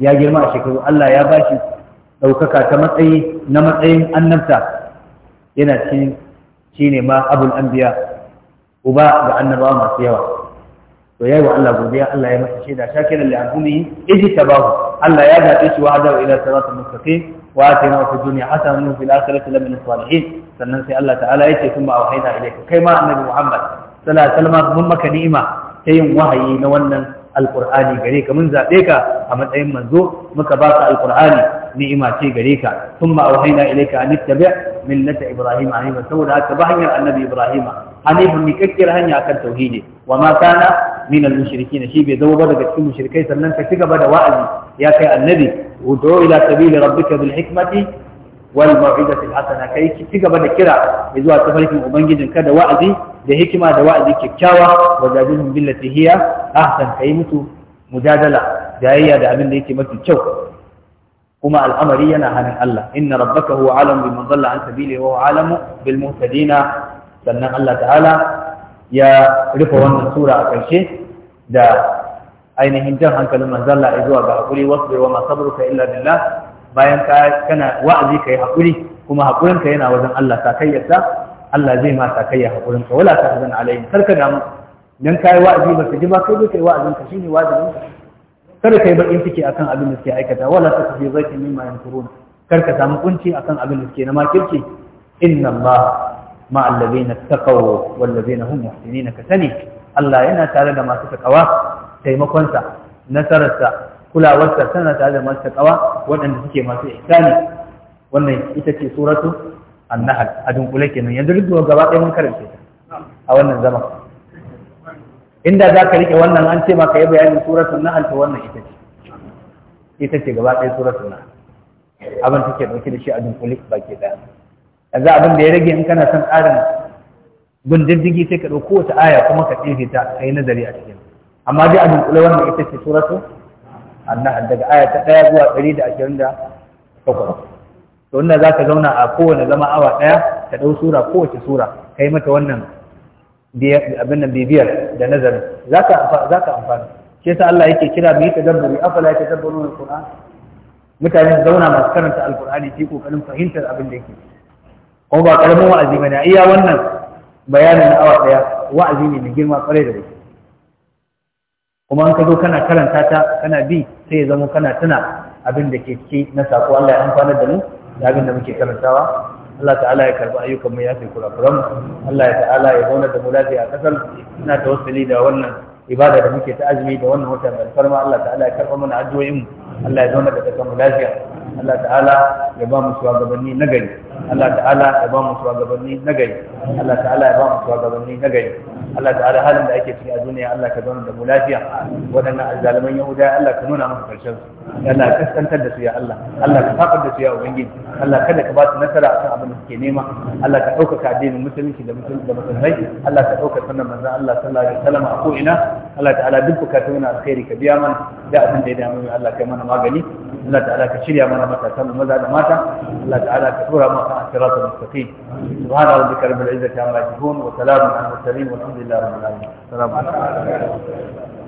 ya girma a shekaru Allah ya bashi ɗaukaka ta matsayi na matsayin annabta yana cikin shine ma abul anbiya uba ga annabawa masu yawa to yayi wa Allah godiya Allah ya masa shaida shakiran li azmihi idi Allah ya zabe shi wa hada ila siratal mustaqim wa atina fi dunya hasanatan wa fil akhirati lamin salihin sannan sai Allah ta'ala yace kuma auhayna ilayka kai ma annabi Muhammad sallallahu alaihi wasallam mun maka ni'ima ta yin wahayi na wannan alqur'ani gare ka mun zabe ka a matsayin manzo muka baka alqur'ani ni'ima ce gare ka kuma auhayna ilayka an tabi' millata ibrahim alayhi saboda haka ba hanyar annabi ibrahima hanifin mikakkiyar hanya akan tauhidi wa ma kana min al mushrikin shi bai zama ba daga cikin mushrikai sannan ka cigaba da wa'azi ya kai annabi ud'u ila sabili rabbika bil hikmati wal mau'izati al hasana kai ki ci gaba da kira zuwa tafarkin ubangijin ka da wa'azi da hikima da wa'azi kyakkyawa wa jadilhum billati hiya ahsan kai mutu mujadala jayayya da abin da yake mafi kyau kuma al'amari yana hannun Allah inna rabbaka huwa alamu bi man dhalla an sabili wa huwa alam bil muhtadina sannan Allah ta'ala ya rufe wannan sura a ƙarshe da ainihin jan hankalin manzalla ya zuwa ga haƙuri wasu da wa masabruka illa billah bayan ka kana wa'azi kai haƙuri kuma haƙurinka yana wajen Allah sakayyarsa Allah zai ma sakayya haƙurinka wala ta hazan Kar ka damu dan kai wa'azi ba ka ji ba kai dai kai wa'azin ka shine wa'azin ka kada kai bakin ciki akan abin da suke aikata wala ta tafi zaki mimma yankuruna ka samu kunci akan abin da suke na makirci inna Allah ma allazina taqaw wal ladina hum muhsinin kasani Allah yana tare da masu taqwa taimakon sa nasarar sa tana tare da masu taqwa waɗanda suke masu ihsani wannan ita ce suratu an-nahl adun kula kenan yanzu duk gaba ɗaya mun karanta ta a wannan zaman inda za ka rike wannan an ce maka yi bayanin suratun na hanta wannan ita ce ita ce gaba ɗaya suratun na abin take ɗauke da shi a dunkulik baki ɗaya yanzu abin da ya rage in kana son tsarin gundiddigi sai ka ɗauko wata aya kuma ka tsefe ta ka yi nazari a cikin amma dai a dunkule wannan ita ce suratu annahal daga aya ta ɗaya zuwa ɗari da ashirin da takwas to inda za ka zauna a kowane zama awa ɗaya ka ɗau sura kowace sura ka yi mata wannan abin nan bibiyar da nazarin za ka amfana. shi yasa Allah yake kira mu yi tadabburi afala ya al alquran mutane zauna masu karanta al alqurani fi kokarin fahimtar abin da yake kuma ba karamin wa'azi bane iya wannan bayanin na awa daya wa'azi ne mai girma kwarai da gaske kuma an ka zo kana karanta ta kana bi sai ya zama kana tuna abin da ke ciki na sako Allah ya amfana da mu da abin da muke karantawa Allah ta'ala ya karba ayyukan mu ya kai kurakuran Allah ya ta'ala ya zauna da mu lafiya a kasar ina tawassuli da wannan ibada da muke ta azumi da wannan wata mai farma Allah ta'ala ya karba mana addu'o'in mu Allah ya zauna da kasar mu lafiya Allah ta'ala ya ba mu shugabanni na gari Allah ta'ala ya ba mu shugabanni na gari Allah ta'ala ya ba mu shugabanni na gari Allah ta'ala halin da ake ciki a duniya Allah ka zauna da mu lafiya waɗannan azzaliman yahuda Allah ka nuna musu karshen su Allah ka kaskantar da su ya Allah Allah ka faɗar da su ya ubangiji Allah kada ka ba su nasara akan abin da suke nema Allah ka ɗaukaka addinin musulunci da musulunci da musulmai Allah ka ɗaukaka sannan manzon Allah sallallahu alaihi wasallam a ko'ina. ina Allah ta'ala duk bukatun alkhairi ka biya mana da abin da ya damu Allah kai mana magani Allah ta'ala ka shirya mana على مكة سنة مزعد ماتا الله تعالى كثورة مكة أسرات المستقيم سبحان ربك رب العزة عما يصفون وسلام على المرسلين والحمد لله رب العالمين السلام عليكم